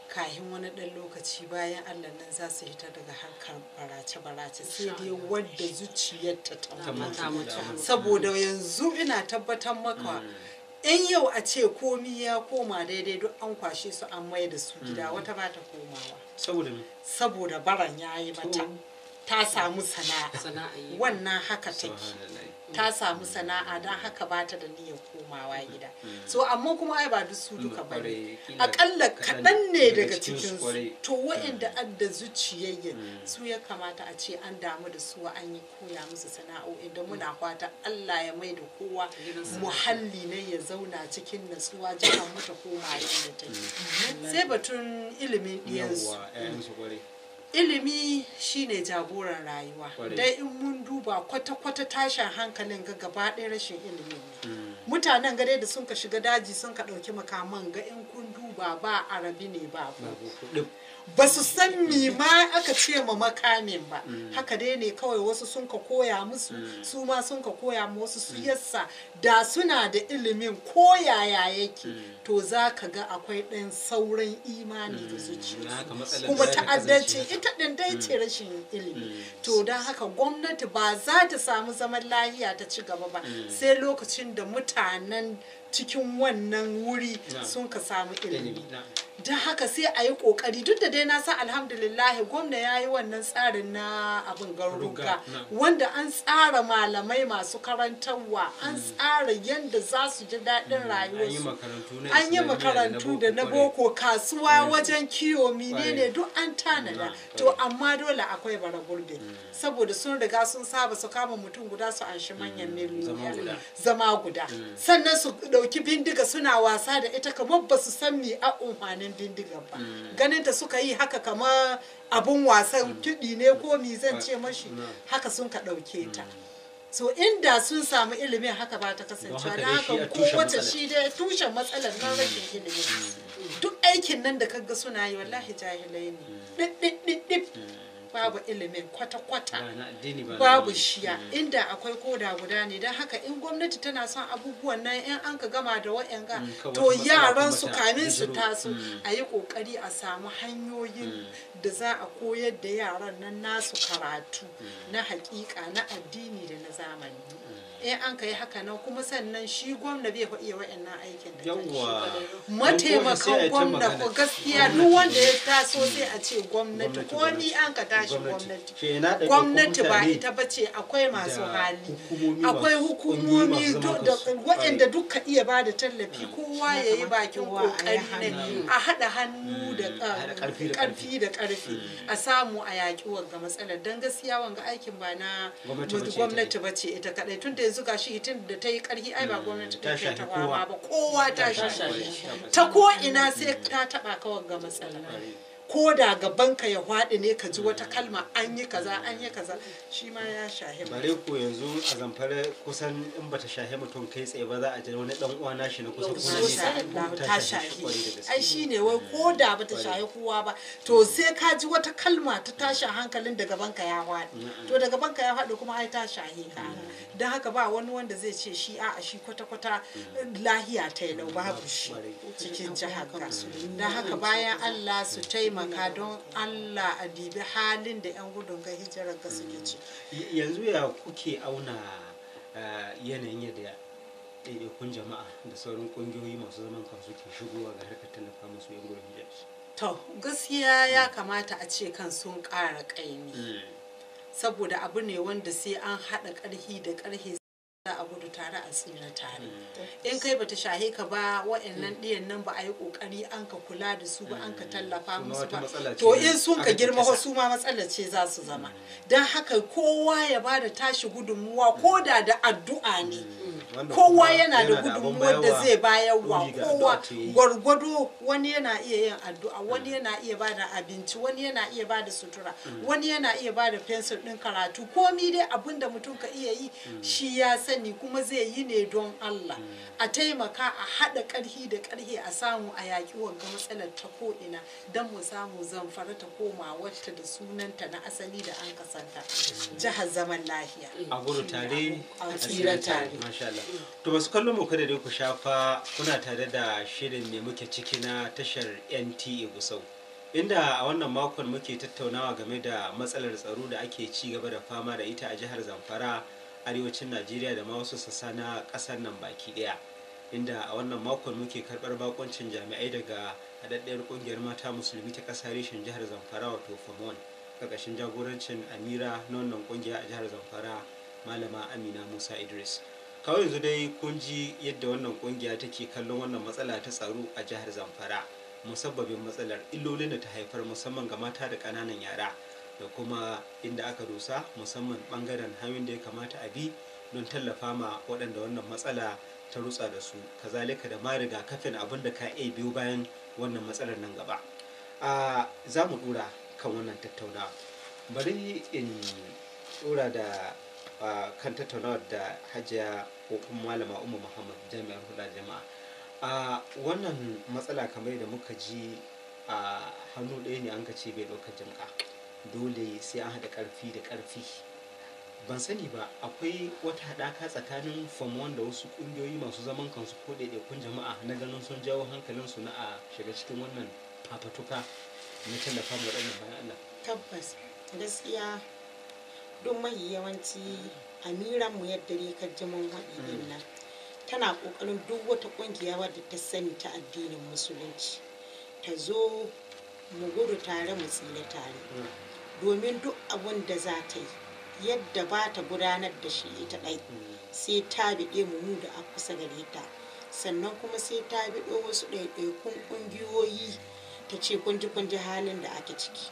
Speaker 3: kahin wani ɗan lokaci bayan allah nan za su hita daga harkar barace-barace sai dai wadda zuciyarta ta mutu saboda yanzu ina tabbatar maka mm. in yau a ce komi ya koma daidai duk an kwashe su an mai da su gida mm. wata ba ta komawa saboda baran ya yi mata ta samu sana'a wannan haka take ta samu sana'a don haka ba ta da niyyar komawa mm-hmm. gida mm-hmm. so amma kuma ai ba duk su duka ba
Speaker 6: ne akalla kaɗan ne daga cikin su to wa'inda
Speaker 3: mm. an da zuciyayyen mm. su ya kamata a ce an damu da su an yi koya musu sana'o idan muna mm. fata Allah ya mai da kowa muhalli ne ya zauna cikin natsuwa jihar mu ta yadda
Speaker 2: ta sai
Speaker 3: batun ilimin su. ilimi shine jagoran rayuwa dai in mun duba kwata-kwata tashin hankalin ga gaba ɗaya rashin ilimi mm. mutanen gare da sun ka shiga daji sun ka ɗauki makaman ga ku ba ba arabi ne ba ba su san mi ma aka ce ma makamin ba mm. haka dai ne kawai wasu sun ka koya musu mm. su ma sun ka koya ma wasu su mm. yasa. da suna da ilimin ko yaya yake to za ka ga akwai ɗan sauran imani da
Speaker 4: zuciya kuma ta'addanci
Speaker 3: ita ɗin dai ce rashin ilimi to don haka gwamnati ba za ta samu zaman lahiya ta ci gaba ba sai lokacin da mutanen cikin wannan wuri sun ka samu ilimi don haka sai a yi kokari duk da dai na san alhamdulillahi gwamna ya yi wannan tsarin na abin garuruka wanda an tsara malamai masu karantarwa an mm. tsara yadda za su ji daɗin rayuwarsu mm. an yi makarantu da na boko kasuwa mm. wajen kiwo menene duk an tanada to amma dole akwai bara saboda sun riga sun saba su kama mutum guda su anshi manyan miliyoyi zama guda sannan su ɗauki bindiga suna wasa da ita kamar ba su san mi a umfanin bindiga ba mm. ganin ta suka yi haka kamar abun wasan mm. kiɗi ne ko mi zan ce mm. mashi haka sun ka ɗauke ta so inda sun samu ilimin haka ba ta kasancewa na haka wata shi dai tushen matsalar na rashin ilimin duk aikin nan da kaga suna yi wallahi jahilai ne ɗiɗɗiɗɗiɗ babu ilimin kwata-kwata
Speaker 2: babu shiya mm.
Speaker 3: inda akwai koda guda ne don haka in gwamnati tana son abubuwan nan in an ka gama da wa'yanga mm, to yaran su kamin su taso mm. a yi kokari a samu hanyoyin da za a koyar da yaran nan nasu karatu na hakika na addini da na zamani in an ka yi haka nan kuma sannan shi gwamna bai fa iya wa'annan aikin
Speaker 2: da mataimakan gwamna ko gaskiya
Speaker 3: duk wanda ya taso sai a ce gwamnati ko ni an ka tashi gwamnati gwamnati ba ita ba ce akwai masu hali akwai hukumomi da waɗanda duka iya ba da tallafi mm. kowa ya yi bakin kokari ne a haɗa hannu mm. da ƙarfi da ƙarfi mm. a samu a yaƙi wanga matsalar don gaskiya wanga aikin ba na gwamnati ba ce ita kaɗai tun da yanzu gashi hitin da ta yi karhi ai ba mm, gwamnati ta ke ta kowa ba kowa ta shi ta ko ina sai ta taba kawai ga matsala ko da ka ya fadi ne ka ji wata kalma an yi kaza an yi kaza shi ma ya shahe bare
Speaker 2: ko yanzu a zamfara kusan in bata shahe mutum kai tsaye ba za a ji wani dan uwa nashi na kusa kuma ne ta shahe
Speaker 3: ai shine wai ko da bata shahe kowa ba to sai ka ji wata kalma ta tashi hankalin da ka ya fadi. to da ka ya fadi kuma ai ta shahe ka dan haka ba wani wanda zai ce shi a shi kwata-kwata lahiya ta yi lau babu shi cikin jihar dan haka bayan Allah su taimaka taimaka don allah a dibi halin da 'yan gudun ga hijirar ga suke ci
Speaker 2: yanzu ya kuke auna eh, yanayin yadda ɗaiɗaikun jama'a da sauran ƙungiyoyi masu zaman kansu ke shigowa ga harkar tallafa masu 'yan gudun hijira to gaskiya
Speaker 3: ya kamata a ce kan sun ƙara ƙaimi hmm. saboda abu ne wanda sai an haɗa ƙarfi da ƙarhe za a gudu tare a tsira tare mm. in kai bata shahe ka ba wa'annan mm. ɗiyan nan ba a yi ƙoƙari an ka kula da su ba an ka mm. tallafa musu ba to in sun ka girma wasu ma matsala ce za su zama don haka kowa ya ba da tashi gudunmuwa ko da da addu'a ne
Speaker 6: kowa yana da gudunmuwar da zai bayarwa kowa
Speaker 3: gwargwado wani yana iya yin addu'a wani yana iya ba da abinci wani yana iya ba da sutura wani yana iya ba da fensir ɗin karatu komi dai abin da mutum ka iya yi shi ya sai sani kuma zai yi ne don Allah a taimaka a haɗa ƙarhi da ƙarhi a samu a yaƙi wanga matsalar ta ko'ina don mu samu zamfara ta koma wata da sunanta na asali da an kasanta jihar zaman lafiya
Speaker 2: a guru tare a tsira tare to masu kallon mu kada dai ku shafa kuna tare da shirin ne muke ciki na tashar NTA Gusau inda a wannan makon muke tattaunawa game da matsalar tsaro da ake ci gaba da fama da ita a jihar zamfara arewacin najeriya da ma wasu sassa na kasar nan baki daya inda a wannan makon muke karbar bakoncin jami'ai daga haɗaɗɗiyar ƙungiyar mata musulmi ta ƙasa reshen jihar zamfara wato famon ƙarƙashin jagorancin amira na wannan ƙungiya a jihar zamfara malama amina musa idris kawai yanzu dai kun ji yadda wannan ƙungiya take kallon wannan matsala ta tsaro a jihar zamfara musabbabin matsalar illolin da ta haifar musamman ga mata da ƙananan yara da kuma inda aka dosa musamman bangaren hanyoyin da ya kamata a bi don tallafa ma waɗanda wannan matsala ta rutsa da su kazalika da ma rigakafin abin da ka iya biyu bayan wannan matsalar nan gaba a za mu dura kan wannan tattaunawa bari in dura da kan tattaunawar da hajiya ko kuma malama umar muhammad jami'ar hula jama'a a wannan matsala kamar da muka ji a hannu ɗaya ne an ka ce bai ɗaukar jama'a dole sai an haɗa ƙarfi da ƙarfi ban sani ba akwai wata haɗaka tsakanin form da wasu ƙungiyoyi masu zaman kansu ko ɗaiɗaikun jama'a na ganin sun jawo hankalin su na a shiga cikin wannan fafatuka na tallafa ma
Speaker 4: waɗannan bayan Allah tabbas gaskiya don mai yawanci amiran mu yadda ne kan mm. tana ƙoƙarin duk wata ƙungiya wadda ta sani ta addinin musulunci ta zo mu gudu tare mu tsira tare mm. domin duk abun da za ta yi yadda ba ta gudanar da shi ita ɗai sai ta biɗe mu da a kusa gare ta sannan kuma sai ta biɗo wasu ɗaiɗaikun ƙungiyoyi ta ce kunji-kunji halin da ake ciki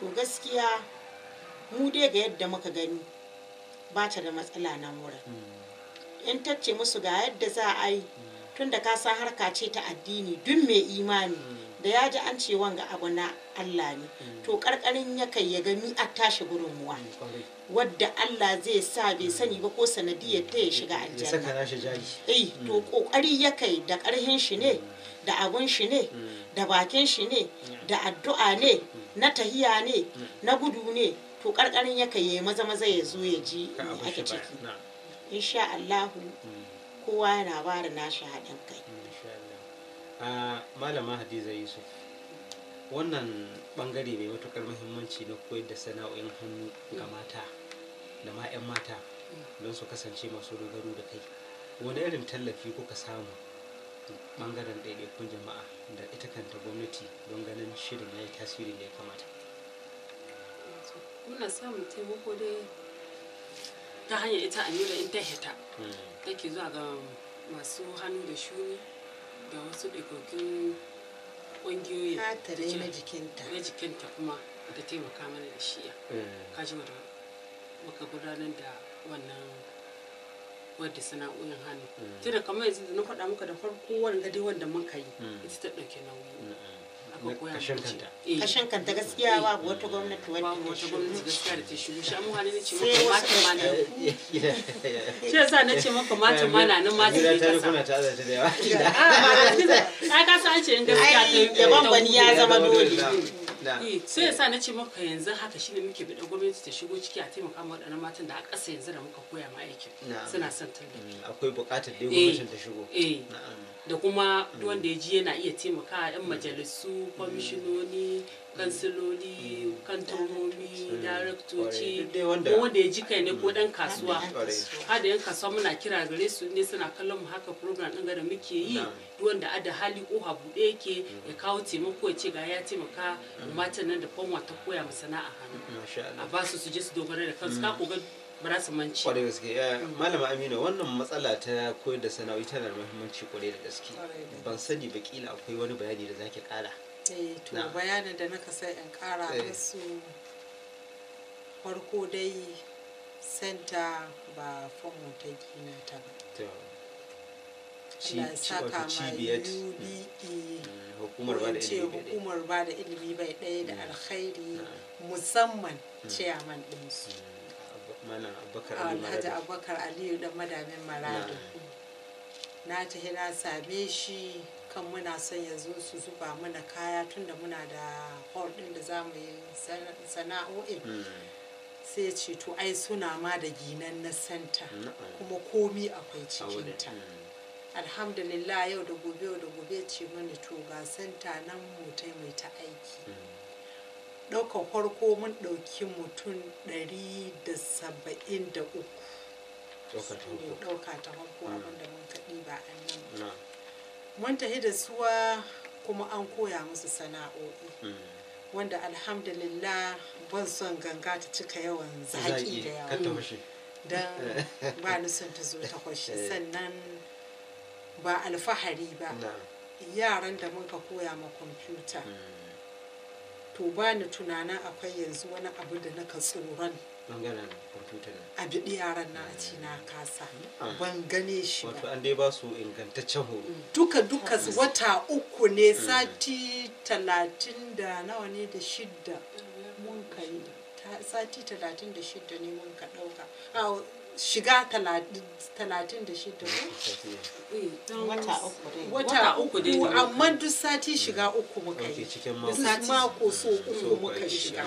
Speaker 4: to gaskiya mu dai ga yadda muka gani ba ta da matsala na mura in ta musu ga yadda za a yi tun da ka san harka ce ta addini duk mai imani da ya ji an ce wanga abu na Allah ne mm. to karkarin ya kai ya gani a tashi gurin muwa mm, wadda Allah zai sa bai mm. sani ba ko sanadiyar ta ya shiga aljanna eh to kokari ya kai da karhin shi ne da abun shi ne da bakin shi ne da addu'a ne na tahiya ne na gudu ne to karkarin ya kai ya maza maza ya zo ya ji ake ciki insha Allahu kowa yana bara nashi haɗin kai
Speaker 2: a malama hadiza yusuf wannan bangare mai matukar muhimmanci na koyar da sana'o'in hannu ga mata da ma 'yan mata don su kasance masu dogaro da kai wani irin tallafi kuka samu bangaren ɗaiɗaikun jama'a da ita kanta gwamnati don ganin shirin ya yi tasiri da ya kamata
Speaker 5: muna samun taimako dai ta hanyar ita amira in ta hita hmm. take zuwa ga masu hannu da shuni da wasu ɗaiɗaikun ƙungiyoyi ta na jikinta na jikinta kuma da taimaka mana da eh. Ka kaji wadda maka gudanar da wannan wadda sana'o'in hannu mm. tunda kamar yanzu da na faɗa muka da farko wanda dai wanda muka yi mm. ita ta ɗauke nauyi
Speaker 6: kashin kanta
Speaker 5: eh. kashin kanta gaskiya ba wata gwamnati wadda wata gwamnati gaskiya da ta shigo shi amma ne ce maka mata mana
Speaker 2: <laughs> shi yasa na ce maka mata mana nan mata ne kasa kuna ta azata da yawa
Speaker 5: <laughs> ah, ka san ce in gaskiya ta yaban bani ya zama dole eh, sai yasa na ce maka yanzu haka shine muke bi gwamnati ta shigo ciki a taimaka ma waɗannan matan da a ƙasa yanzu da muka koya ma aikin suna son tallafi mm,
Speaker 2: akwai buƙatar dai eh. gwamnatin ta shigo na'am
Speaker 5: da kuma mm. wanda ya ji yana iya taimaka yan mm. majalisu mm. kwamishinoni kansiloli kantomomi daraktoci ko wanda ya ji kai ne ko dan kasuwa hada yan kasuwa muna kira gare su ne suna kallon mu haka program din da muke yi wanda ada hali ko koha bude yake ya kawo taimako ya ce ga ya taimaka matan nan da fanwa ta koya a
Speaker 6: hannu
Speaker 2: a ba su su je su dogara da kansu ka gaske eh, malama Aminu, wannan matsala ta koyar da sana'o'i tana da muhimmanci kwarai da gaske ban sani ba kila akwai wani bayani da zaki kara
Speaker 3: eh to bayanin da naka sai in kara eh. su farko dai senta ba fomo ta gina ta ba
Speaker 2: saka hmm. e. hukumar
Speaker 3: ba da ilimi bai ɗaya da hmm. alkhairi musamman hmm. ciyaman ɗinsu alhaji abubakar aliyu dan madamin maradu na tafi na same shi kan muna son ya zo su zuba mana kaya tunda muna da hall din da za mu yi sana'o'in hmm. sai ce to ai suna ma da ginan na santa kuma komi akwai cikinta hmm. alhamdulillah yau da gobe yau da gobe ce mani to ga santa nan mu mai ta aiki hmm. ɗaukar farko mun ɗauki mutum da da saba'in uku ɗauka ta farko hmm. abinda mun kaɗi ba a nan mun tafi da suwa kuma an koya musu sana'o'i hmm. wanda alhamdulillah ban son ganga ta cika yawan zaƙi da yawa don <laughs> ba ni son ta zo ta kwashe eh. sannan ba alfahari ba yaran da mun ka koya ma kwamfuta hmm. to ba ni tunanin akwai yanzu wani abu da naka tsoron a biɗi yaran na a ci na eh. kasa
Speaker 2: ah. ban gane shi wato an dai ba su ingantaccen horo mm.
Speaker 3: duka duka ah. wata uku ne mm. sati talatin da nawa ne da shidda mun kai sati talatin da shidda ne mun ka ɗauka ah, shiga talatin da shida eh, wata uku dai amma duk sati shiga hmm. uku muka yi duk mako so hmm. uku muka shiga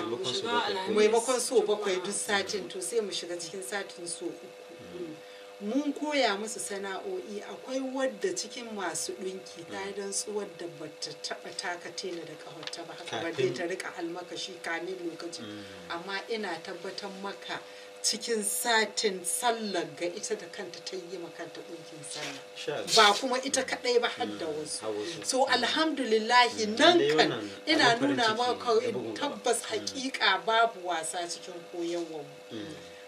Speaker 3: maimakon so bakwai duk satin to sai mu shiga cikin satin so uku hmm. mun koya musu sana'o'i akwai wadda cikin masu ɗinki ta dan tsuwar da ba ta taɓa taka tela da ƙahonta ba haka ba ta rika almakashi kamin lokaci amma ina tabbatar maka cikin satin sallar ga ita da kanta ta yi makanta ɗinkin sallah ba kuma ita kaɗai ba har da mm, wasu so alhamdulillahi mm, nan kan ina nuna maka tabbas mm. hakika babu wasa cikin koyarwar mu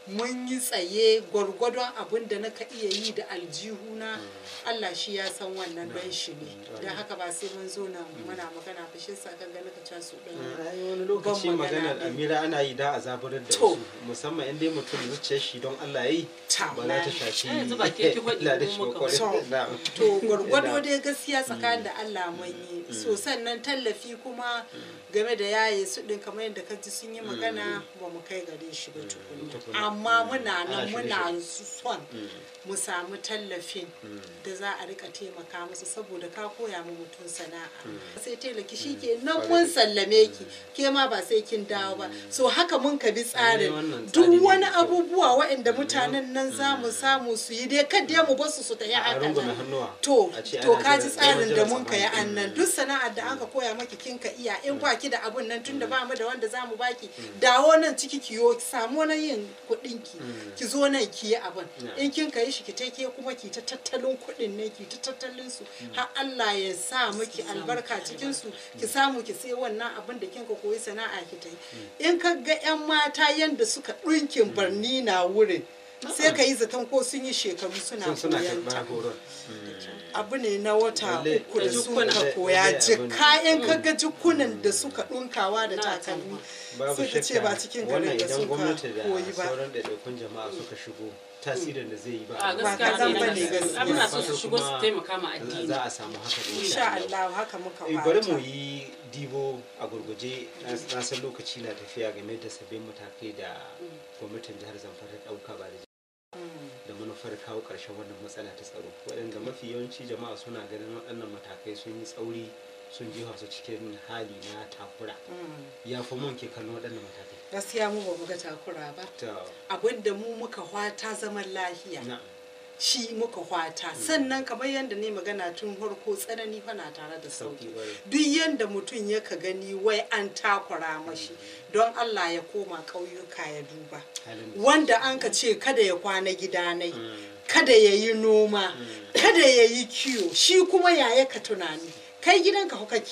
Speaker 3: mun yi tsaye gwargwadon abin da naka iya yi da aljihuna Allah shi ya san wannan don shi
Speaker 2: ne don haka
Speaker 3: ba sai mun zo nan muna magana ba shi sakan ga naka can su ɗan
Speaker 2: wani lokaci maganar amira ana yi da a da su musamman in dai mutum zuciyar shi don Allah ya yi to gwargwado
Speaker 3: dai gaskiya tsakanin mm. da Allah yi mm. so sannan tallafi kuma mm. game da yaye su din kamar yadda ka ji sun yi magana ba mu kai gare shi ba amma muna nan muna son mu samu tallafin da za a rika taimaka musu saboda ka koya mu mutum sana'a sai taimaki shi ke nan mun sallame ki ke ma ba sai kin dawo ba so haka mun ka bi tsarin duk wani abubuwa waɗanda mutanen nan nan za mu samu su yi dai kan mu basu su ta yi haka to to ka ji tsarin da mun ka yi annan duk sana'ar da aka koya maki kin ka iya in ba ki da abun nan tunda ba mu da wanda za mu baki mm. dawo nan ciki ki yo samu nan yin kuɗin ki mm. ki zo nan ki yi abun in kin ka yi shi ki take kuma ki ta tattalin kuɗin nan ki ta tattalin su mm. har Allah ya sa miki albarka cikin su ki samu ki sai wannan abun da kin ka koyi sana'a ki ta yi in ka ga 'yan mata yanda suka ɗinkin barni na wurin sai ka yi zaton ko sun yi shekaru suna koyanta abu ne na wata
Speaker 6: uku da eh, suka koya jika
Speaker 3: yan kaga mm. jikunan da suka dunkawa da takalmi
Speaker 2: suka ce ba cikin gari da suka koyi ba sauran ɗaiɗaikun jama'a suka shigo tasirin da zai yi ba a gaskiya zai ba ne gaskiya so su shigo su taimaka ma addini za a samu haka da insha
Speaker 3: Allah haka muka fara eh, bari mu
Speaker 2: yi dibo a gurguje na san lokaci na tafiya game da sabbin matakai da mm. gwamnatin jihar Zamfara ta dauka ba da fara kawo ƙarshen wannan matsala ta tsaro waɗanda mafi yawanci jama'a suna ganin waɗannan matakai sun yi tsauri sun ji su cikin hali na takura mm. ya fi mun ke kallon waɗannan matakai
Speaker 3: gaskiya mu ba mu ga takura ba abinda mu muka hwata zaman lafiya shi muka kwata sannan kamar yadda ne magana tun farko tsanani fana tare da sauki duk yadda mutum ya ka gani wai an takura mashi don allah ya koma ƙauyuka ya duba wanda an ka ce kada ya kwana gidanai mm. kada ya yi noma mm. kada ya yi kiwo shi kuma yaya ka tunani kai gidan ka kake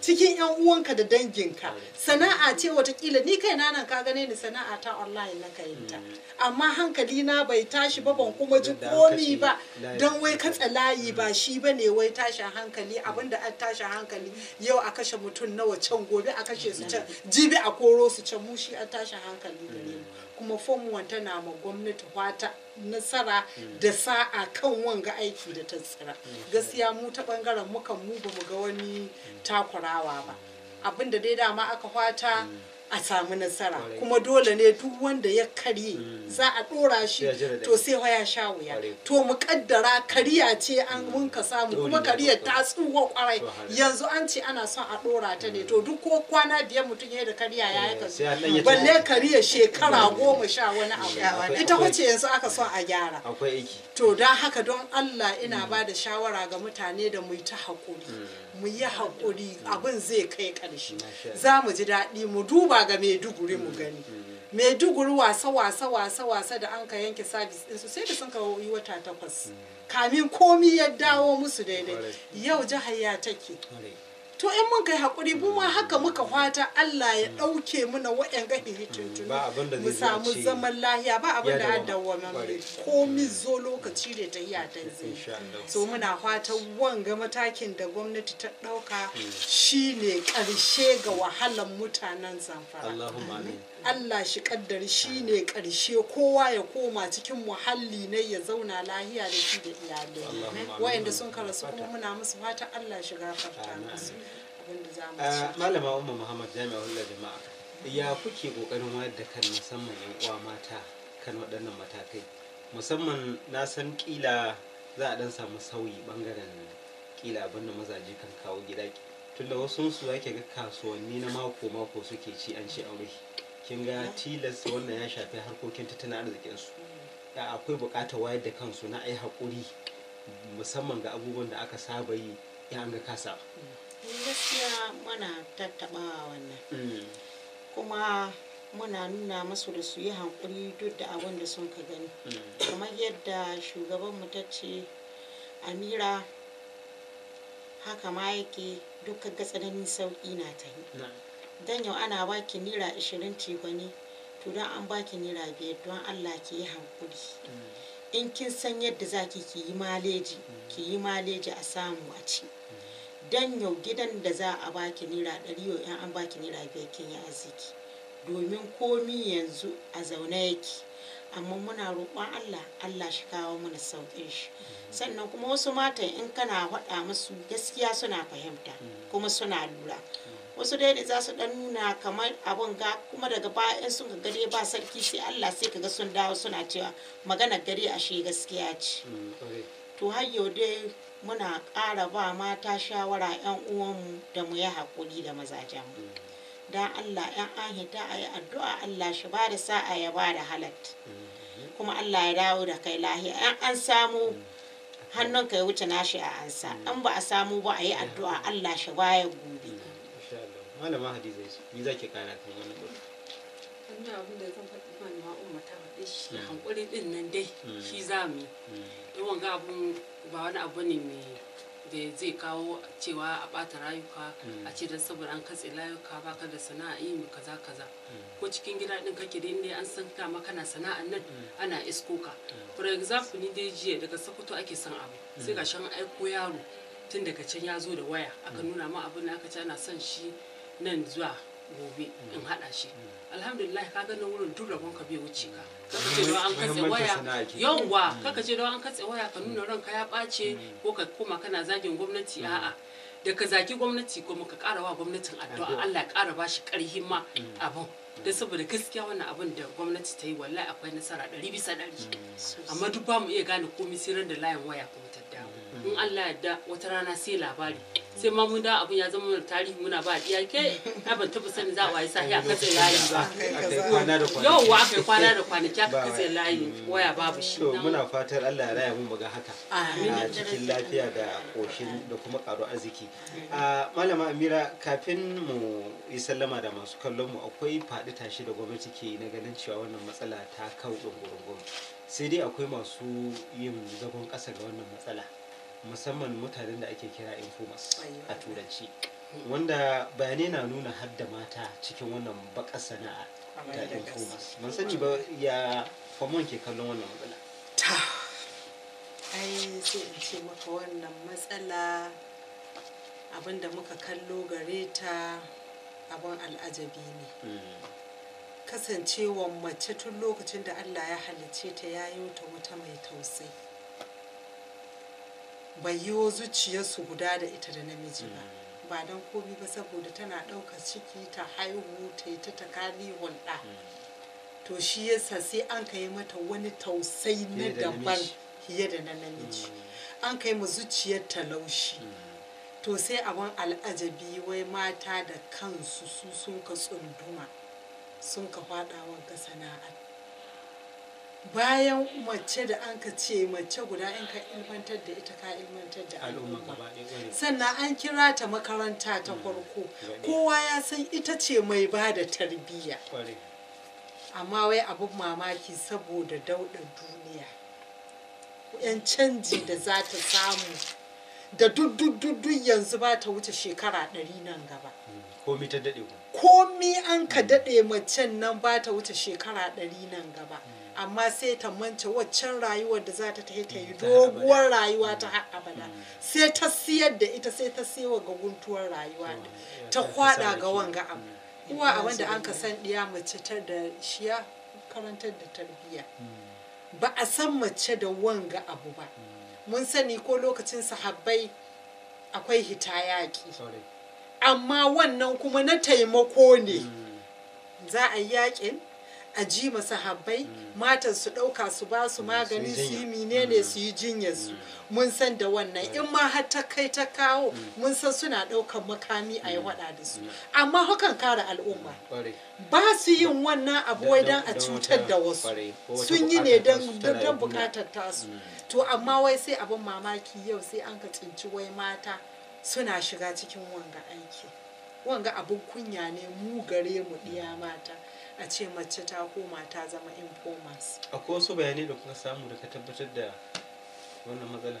Speaker 3: cikin yan uwanka da danginka sana'a ce watakila ni kai nan ka gane ni sana'a ta online na ta mm. amma hankali na bai tashi ba ban kuma ji komi ba don wai katse layi ba mm. shi ba ne wai tashin hankali abinda an tashi hankali yau a kashe mutum nawa can gobe a kashe su can mm. jibi a koro su can mushi shi an tashin hankali da kuma form tana ma gwamnati wata nasara da sa'a kan wanga aiki da ta tsira gaskiya mu ta bangaren mukan mu ba mu ga wani takurawa ba abinda da dai dama aka fata mm. a samu nasara kuma dole ne duk wanda ya karye hmm. za a dora shi to sai ya sha wuya to mu kaddara kariya ce an hmm. mun ka samu kuma kariya ta tsuwa kwarai yanzu an ce ana son a dora ta ne to duk ko kwana biyar mutum ya da kariya ya yi eh, balle kariya shekara goma sha wani abu ita kwace yanzu aka son a gyara to don haka don Allah ina hmm. ba da shawara ga mutane da mu ta hakuri mu yi haƙuri mm. abin zai kai ƙarshe za mu ji daɗi mu duba ga maiduguri mu gani mm. maiduguri wasa wasa wasa wasa da an ka yanke sabis ɗinsu sai da sun yi wata takwas mm. kamin komi ya dawo musu daidai yau jihar ya take to in mun kai hakuri mu ma haka muka fata Allah ya dauke muna wa'yan ga hitintunu
Speaker 2: mu samu zaman
Speaker 3: lahiya ba abin da addawa komi zo lokaci da ta iya ta zai so muna fata wanga matakin da gwamnati ta dauka hmm. shine karshe ga wahalan mutanen zamfara
Speaker 6: Allahumma amin
Speaker 3: Allah shi kaddari shi ne ƙarshe kowa ya koma cikin muhalli ne ya zauna lahiya da shi da iyalai wayanda sun karasu kuma muna musu fata Allah shi gafarta musu eh,
Speaker 2: malama umar muhammad jami'a jama'a ya kuke kokarin wayar da kan musamman yan uwa mata kan waɗannan matakai musamman na san kila za a dan samu sauyi bangaren kila abin da mazaje kan kawo gida tunda wasu su zake ga kasuwanni na mako mako suke ci an ci aure kin ga tilas wannan ya shafi harkokin tattalin arzikinsu akwai buƙatar wayar da kansu na ai haƙuri musamman ga abubuwan da aka saba yi ya an ga kasa
Speaker 4: gaskiya muna tattaɓawa wannan mm. kuma muna nuna masu da su yi haƙuri duk da abin da sun ka gani mm. kamar yadda shugabanmu ta ce amira haka ma yake duk ga tsananin sauƙi na ta yi dan yau ana baki nira ashirin cefane to don an baki nira biyar don allah ki yi hankuri
Speaker 6: mm.
Speaker 4: in kin san yadda zaki ki yi maleji mm. ki yi maleji a samu a ci mm. dan yau gidan da za a baki nira ɗari yau in an baki nira biyar kin yi arziki domin komi yanzu a zaune yake amma muna roƙon Allah Allah shi kawo mana sauƙin shi sannan kuma wasu matan in kana faɗa musu gaskiya suna fahimta kuma suna lura wasu dai ne za su dan nuna kamar abun ga kuma daga baya sun ga dai ba sarki sai Allah sai kaga sun dawo suna cewa magana gari ashe gaskiya ce mm, to har yau dai muna ƙara ba mata shawara 'yan uwanmu da mu yi haƙuri da mu mm. dan Allah 'yan ahita a yi addu'a Allah shi ba da sa'a ya ba da halat
Speaker 6: mm,
Speaker 4: kuma Allah ya dawo da kai lahiya 'yan an samu hannun ka ya wuce nashi a ansa an ba a samu ba a yi addu'a Allah shi baya gobe malama zai yusuf ni zaki kara kan wannan ɗin
Speaker 5: wannan abin da zan faɗi ma ma umma ta faɗi shi hmm. hankuri din nan dai hmm. shi za mu yi hmm. don wanga abun ba wani abu ne mai da zai kawo cewa a ɓata rayuka a ce don saboda an katse layuka baka da sana'a yi kaza kaza ko cikin gida din kake dai ne an san kama kana sana'an nan ana isko ka for example ni dai jiya daga sokoto ake son abu sai ga shan aiko yaro tun daga can ya zo da waya aka nuna ma abin da aka ce ana son shi nan zuwa gobe in haɗa shi alhamdulillah ka ga nan wurin duk rabon ka bai wuce ka kaka ce an katse waya yawwa kaka ce an katse waya ka nuna ranka ya bace mm. ko ka koma kana zagin gwamnati mm. a'a da ka zaki gwamnati ko ka kara wa gwamnatin addu'a Allah ya ƙara ba shi ƙarhin ma mm. abin da saboda gaskiya wannan abun da gwamnati ta yi wallahi akwai nasara ɗari bisa ɗari amma duk ba mu iya gane komai sai da layin waya kuma ta dawo in Allah ya da wata rana sai labari sai ma mun da abun ya zama mana tarihi muna ba a ke na ban taba sani za a wayi sahi a kasa layi ba yau aka yi kwana da kwanaki aka kasa layi waya babu shi to
Speaker 2: muna fatar Allah ya raya mu ga haka a cikin lafiya da koshin da kuma karo arziki malama Amira kafin mu yi sallama da masu kallon mu akwai faɗi tashi da gwamnati ke na ganin cewa wannan matsala ta kau ɗungurungun sai dai akwai masu yin zagon ƙasa ga wannan matsala musamman mutanen da ake kira informers a turanci wanda bayanai na nuna hadda mata cikin wannan baka sana'a
Speaker 6: ta informers
Speaker 2: ban sani ba ya famon ke kallon wannan matsala ta
Speaker 3: ai sai in ce maka wannan matsala abinda muka kallo gare ta abin al'ajabi ne mm. kasancewa mace tun lokacin da allah ya halicce ta yayo wuta wata mai tausai bai yiwo zuciyarsu guda da ita da namiji ba ba dan komi ba saboda tana ɗaukar ciki ta haihu ta yi ta takali hulɗa to shi yasa sai an kai mata wani tausayi na daban fiye da na namiji mm. an kai ma zuciyar talaushi mm. to sai abin al'ajabi wai mata da kansu su sun ka tsunduma sun ka faɗawan ka sana'ar bayan mace da an ka ce mace guda in ka ilmantar da ita ka ilmantar da al'umma sannan an kira ta makaranta ta mm. farko kowa ya san ita ce mai ba da tarbiyya amma wai abin mamaki saboda daudar duniya yan canji da za ta samu
Speaker 5: da duk
Speaker 3: yanzu ba ta wuce shekara ɗari nan gaba mm. komi ta daɗe komi an ka mm. daɗe macen nan ba ta wuce shekara ɗari nan gaba amma sai ta mance waccan rayuwar da za ta ta ta yi doguwar rayuwa ta mm. har abada sai ta siyar da ita sai ta siyar ga guntuwar rayuwa
Speaker 6: ta kwada ga wanga
Speaker 3: abu kuwa mm. abin da an ka san diya mace ta da shiya karantar da tarbiyya
Speaker 6: mm.
Speaker 3: ba a san mace da wanga abu ba mun sani ko lokacin sahabbai akwai hita yaƙi amma wannan kuma na taimako ne za a yi yaƙin a ji habbai mm. matan su ɗauka su ba su mm, magani su yi menene mm. su yi jinyar su mun san da wannan in ma har ta kai ta kawo mun san suna ɗaukan makami a yi waɗa da su amma hukan kare al'umma ba su yin wannan abu wai don a cutar da
Speaker 2: wasu sun yi ne don bukatar
Speaker 3: tasu to amma wai sai abin mamaki yau sai an ka tsinci wai mata suna shiga cikin wanga aiki wanga abin kunya ne mu gare mu ɗiya mata a ce mace ta koma ta zama informers
Speaker 2: akwai wasu bayanai da kuka samu da ka tabbatar da wannan matsalar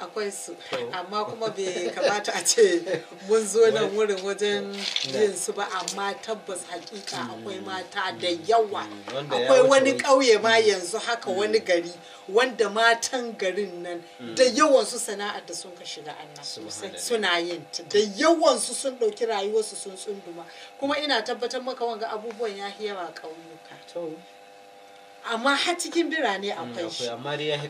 Speaker 3: akwai su amma kuma bai kamata a ce mun zo nan wurin wajen yin su ba amma tabbas hakika mm. akwai mata da yawa mm.
Speaker 2: akwai wani
Speaker 3: ƙauye ma mm. yanzu haka wani gari wanda matan garin nan da yawan su sana'ar da sun ka shiga annan suna yin ta da yawan su sun ɗauki rayuwarsu sun tsunduma kuma ina tabbatar maka wanga abubuwan ya yawa ƙauyuka amma har cikin birane mm, akwai shi amma ya hi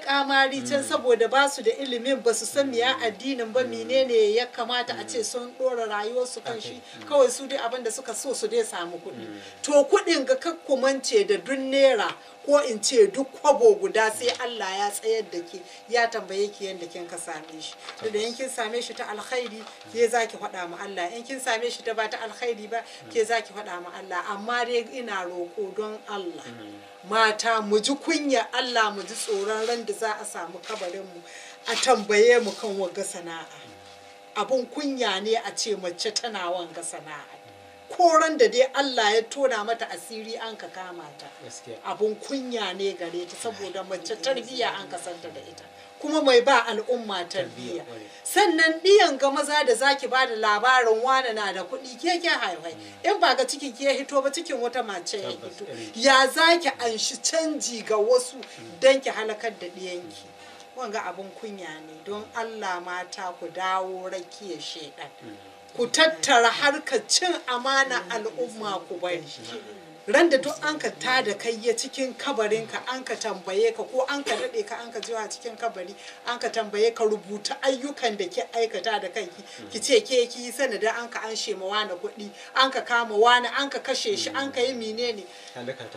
Speaker 3: kamari can mm. saboda ba su da ilimin ba su san miya mm. addinin ba menene ya kamata a ce sun dora su kan shi kawai su dai abinda suka so su dai samu kuɗi to kuɗin ga kakkumance da dun naira ko in ce duk kwabo guda sai Allah ya tsayar da ke ya tambaye ki yadda kin ka same shi da in kin same shi ta alkhairi ke za ki faɗa mu Allah in kin same shi ta ba ta alkhairi ba ke za ki faɗa mu Allah amma dai ina roko don Allah
Speaker 6: mm.
Speaker 3: mata mu ji kunya Allah mu ji tsoron ran da za a samu kabarin mu a tambaye mu kan wanga sana'a mm. abun kunya ne a ce mace tana wanga sana'a koran da dai Allah ya tona mata asiri an ka kama ta abun kunya ne gare ta saboda mace tarbiyya an kasanta da ita kuma mai ba al'umma tarbiyya sannan ɗiyan ga maza da zaki ba da labarin wane na da kuɗi keke haifai mm. in ba ga cikin ke hito ba cikin wata mace ya hito ya zaki anshi canji ga wasu mm. don ki halakar da ɗiyanki mm. wanga abun kunya ne don Allah mata ku dawo rakiya shaidan ku tattara harkar cin amana al'umma ku bai ran da duk an ka da kai ya cikin kabarin ka an ka tambaye ka ko an ka daɗe ka an ka jiwa cikin kabari an ka tambaye ka rubuta ayyukan da ke aikata da kanki ki ce ke ki yi sanadin an ka an shema wani kuɗi an ka kama wani an ka kashe shi an ka yi menene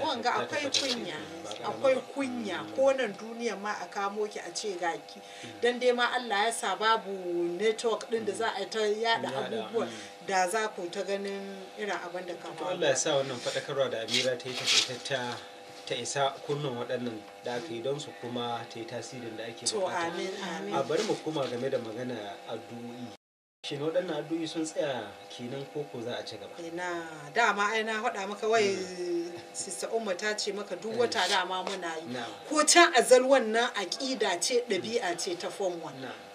Speaker 2: wanga akwai
Speaker 3: kunya akwai kunya ko nan duniya ma a kamo ki a ce ga ki dan dai ma Allah ya sa babu network din da za a ta yada abubuwa mm. da za ku ta ganin irin abin da ka faru. Allah ya sa wannan
Speaker 2: faɗakarwa da Amira ta yi ta ta isa kunnan waɗannan da aka yi don su kuma ta yi tasirin da ake bukata. To amin amin. A bari mu kuma game da magana addu'o'i. Shin waɗannan addu'o'i sun tsaya kenan koko za a ci gaba?
Speaker 3: Ina dama ai na faɗa maka wai mm. Sista Umma ta ce maka duk eh. wata dama muna yi. Ko can azal wannan aƙida ce ɗabi'a ce ta form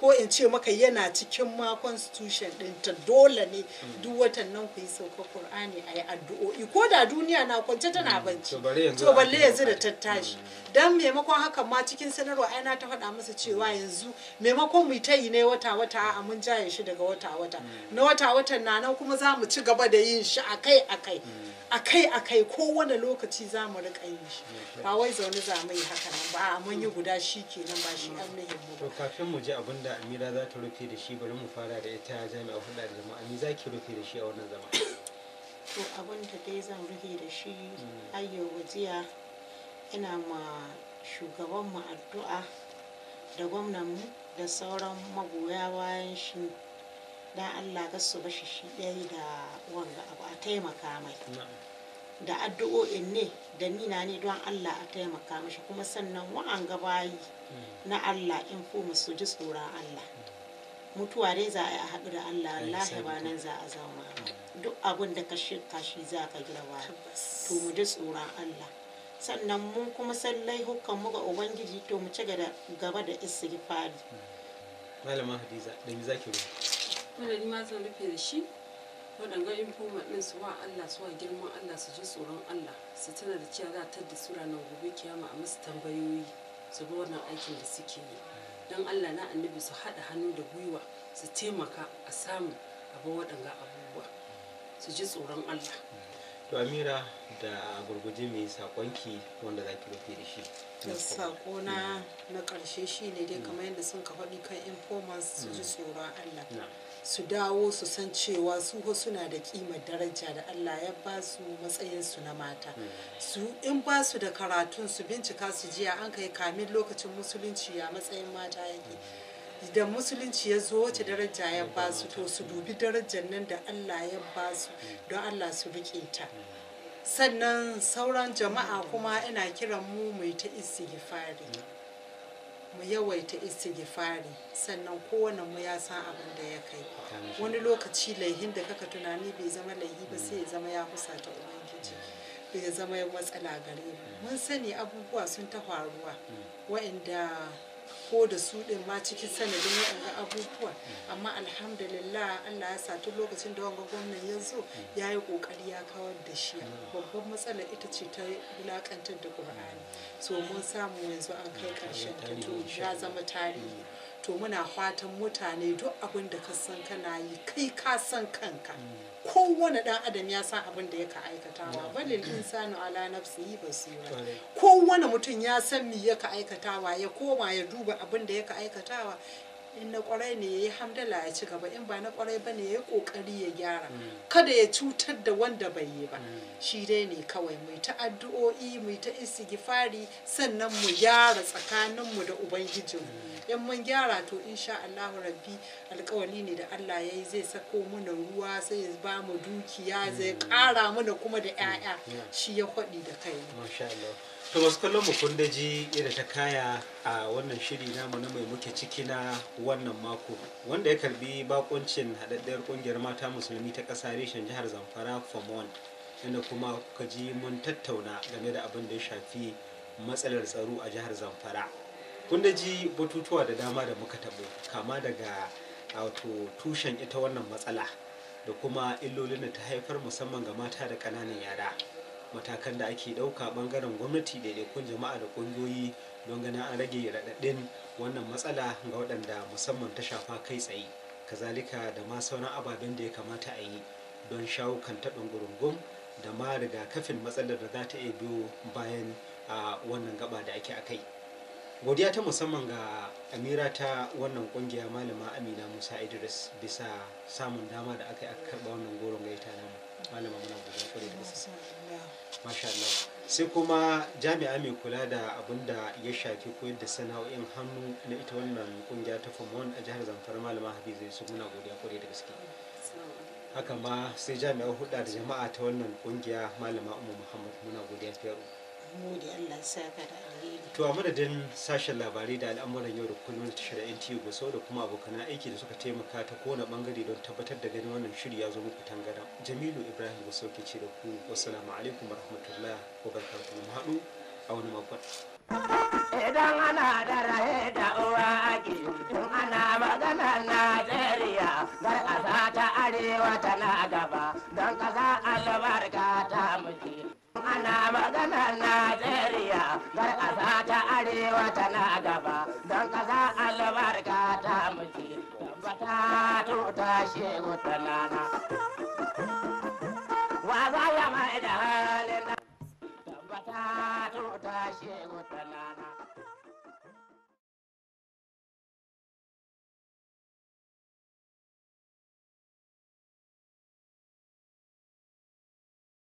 Speaker 3: Ko in ce maka yana cikin ma constitution ɗin ta dole ne mm. duk watan nan ku yi sauka Qur'ani a yi addu'o'i. Ko da duniya na kwance tana mm. banci. To balle yanzu da tattashi. Dan maimakon hakan ma cikin sanarwa ai na ta faɗa masa cewa yanzu maimakon mu ta yi ne wata wata a mun jaye shi daga wata. wata-wata na wata wata na nan kuma za mu ci gaba da yin shi akai-akai akai-akai kowane lokaci zamu rika riƙa yin shi ba wai zaune za mu yi haka nan ba mun yi guda shi kenan ba shi an
Speaker 2: to kafin mu ji abin da Amira za ta rufe da shi bari mu fara da ita jami'a hulɗa da jama'a ni za rufe da shi a wannan zama
Speaker 4: to abin da dai zan rufe da shi ayyo wajiya ina ma shugaban mu addu'a da gwamnanmu da sauran magoya bayan shi dan Allah ga su bashi shi ɗaya da wanga abu a taimaka mai da addu'o'in ne da nina ne don Allah a taimaka mashi kuma sannan wa'an gabayi hmm. na Allah in kuma su ji tsoron Allah hmm. mutuwa dai za a yi a haɗu da Allah Allah ba nan za a zama hmm. duk abin da ka shirka shi za ka girba to mu ji tsoron Allah sannan mun kuma sallai hukan mu ga ubangiji to mu ci gaba da istighfari
Speaker 2: malama hadiza da zaki rubuta
Speaker 4: wanda ni ma zan rufe da shi waɗanga informa ɗin su wa Allah su wa girman
Speaker 5: Allah su ji tsoron Allah su tana da cewa za ta da sura nan gobe kiyama a musu tambayoyi su ga wannan aikin da suke yi don Allah na annabi su haɗa hannu da gwiwa su taimaka a samu abu waɗanga abubuwa su ji tsoron Allah.
Speaker 2: To Amira da gurguje mai sakonki wanda za rufe da shi. sako
Speaker 3: na hmm. na ƙarshe shi ne dai hmm. kamar yadda sun ka faɗi kan informants su ji hmm. tsoron Allah. su dawo su san cewa su suna da kimar daraja da Allah ya ba su matsayinsu na mata hmm. su in ba su da karatun su bincika su jiya an kai kamin lokacin musulunci ya matsayin mata yake hmm. Idan musulunci ya zo wace daraja ya ba su to su hmm. dubi darajar nan da Allah ya ba su don Allah su riƙe ta sannan sauran jama'a kuma ina kiran mu mai ta istighfari mu yawaita istighfari sannan kowane mu ya san abin da ya
Speaker 6: kai wani
Speaker 3: lokaci laihin da kaka tunani bai zama laihi ba sai ya mm. zama ya ta ubangiji mm. bai zama ya matsala gare mu mun sani abubuwa sun ta faruwa mm. wa'inda ko da su ɗin ma cikin sanadin waɗanda abubuwa amma alhamdulillah allah ya sa tun lokacin da wanga gwamnan ya zo ya yi ƙoƙari ya kawar da shi babban matsalar ita ce ta wulaƙantar da ƙur'ani so mun samu yanzu an kai ƙarshen ta to ya zama tarihi to muna fatan mutane duk abin da ka san kana yi kai ka san kanka kowane dan adam ya san abin da yaka aikatawa balil insanu ala nafsihi basira kowane mutum ya san me yaka aikatawa ya koma ya duba abin da yaka aikatawa in na kwarai ne yayi hamdala ya ci gaba in ba na kwarai bane yayi kokari ya gyara mm. kada ya cutar da wanda bai yi ba mm. shi dai ne kawai mu ta addu'o'i mu ta istighfari sannan mu gyara tsakaninmu da ubangijinmu mm. in mun gyara to insha Allahu rabbi alkawali ne da Allah ya yi zai sako mana ruwa sai ya ba mu dukiya zai mm. ƙara mana kuma da 'ya'ya
Speaker 2: mm. shi ya kwaɗi da kai. Masha to masu kallon mu kun daji yadda ta kaya a wannan shiri namu na mai muke ciki na wannan mako wanda ya karbi bakuncin haɗaɗɗiyar ƙungiyar mata musulmi ta ƙasa reshen jihar zamfara one inda kuma kaji mun tattauna game da abin da ya shafi matsalar tsaro a jihar zamfara kun ji batutuwa da dama da muka tabo kama daga wato tushen ita wannan matsala da kuma illolin da ta haifar musamman ga mata da ƙananan yara matakan da ake ɗauka ɓangaren gwamnati daidaikun jama'a da ƙungiyoyi don ganin an rage raɗaɗin wannan matsala ga waɗanda musamman ta shafa kai tsaye kazalika da ma sauran ababen da ya kamata a yi don shawo kan taɓin gurungun da ma rigakafin matsalar da za ta iya biyo bayan a wannan gaba da ake a kai. godiya ta musamman ga amira ta wannan kungiya malama amina musa idris bisa samun dama da aka yi aka karba wannan goron gaita nan malama muna godiya kuri da gaske masha Allah sai kuma jami'a mai kula da abin da ya shafi koyar da sana'o'in hannu na ita wannan kungiya ta famon a jihar zamfara malama habiza su muna godiya kuri da gaske haka ma sai jami'a hudu da jama'a ta wannan kungiya malama umar muhammad muna godiya fiye to a madadin sashen labarai da al'amuran yau da kullum da tashar NTV Gusau da kuma abokan aiki da suka taimaka ta kowane bangare don tabbatar da ganin wannan shiri ya zo muku tangaran Jamilu Ibrahim Gusau ke ce da ku wassalamu alaikum warahmatullahi wabarakatuh mu haɗu a wani makon
Speaker 1: Idan ana da da uwa ake, ana maganar Najeriya, ƙasa ta arewa tana gaba, don ƙasa albarka ta muke. maganar Najeriya gar ƙasa ta arewa tana gaba don ƙasa albarka ta muke tabbata tuta Wa za ya mai da halin tabbata tuta wuta nana.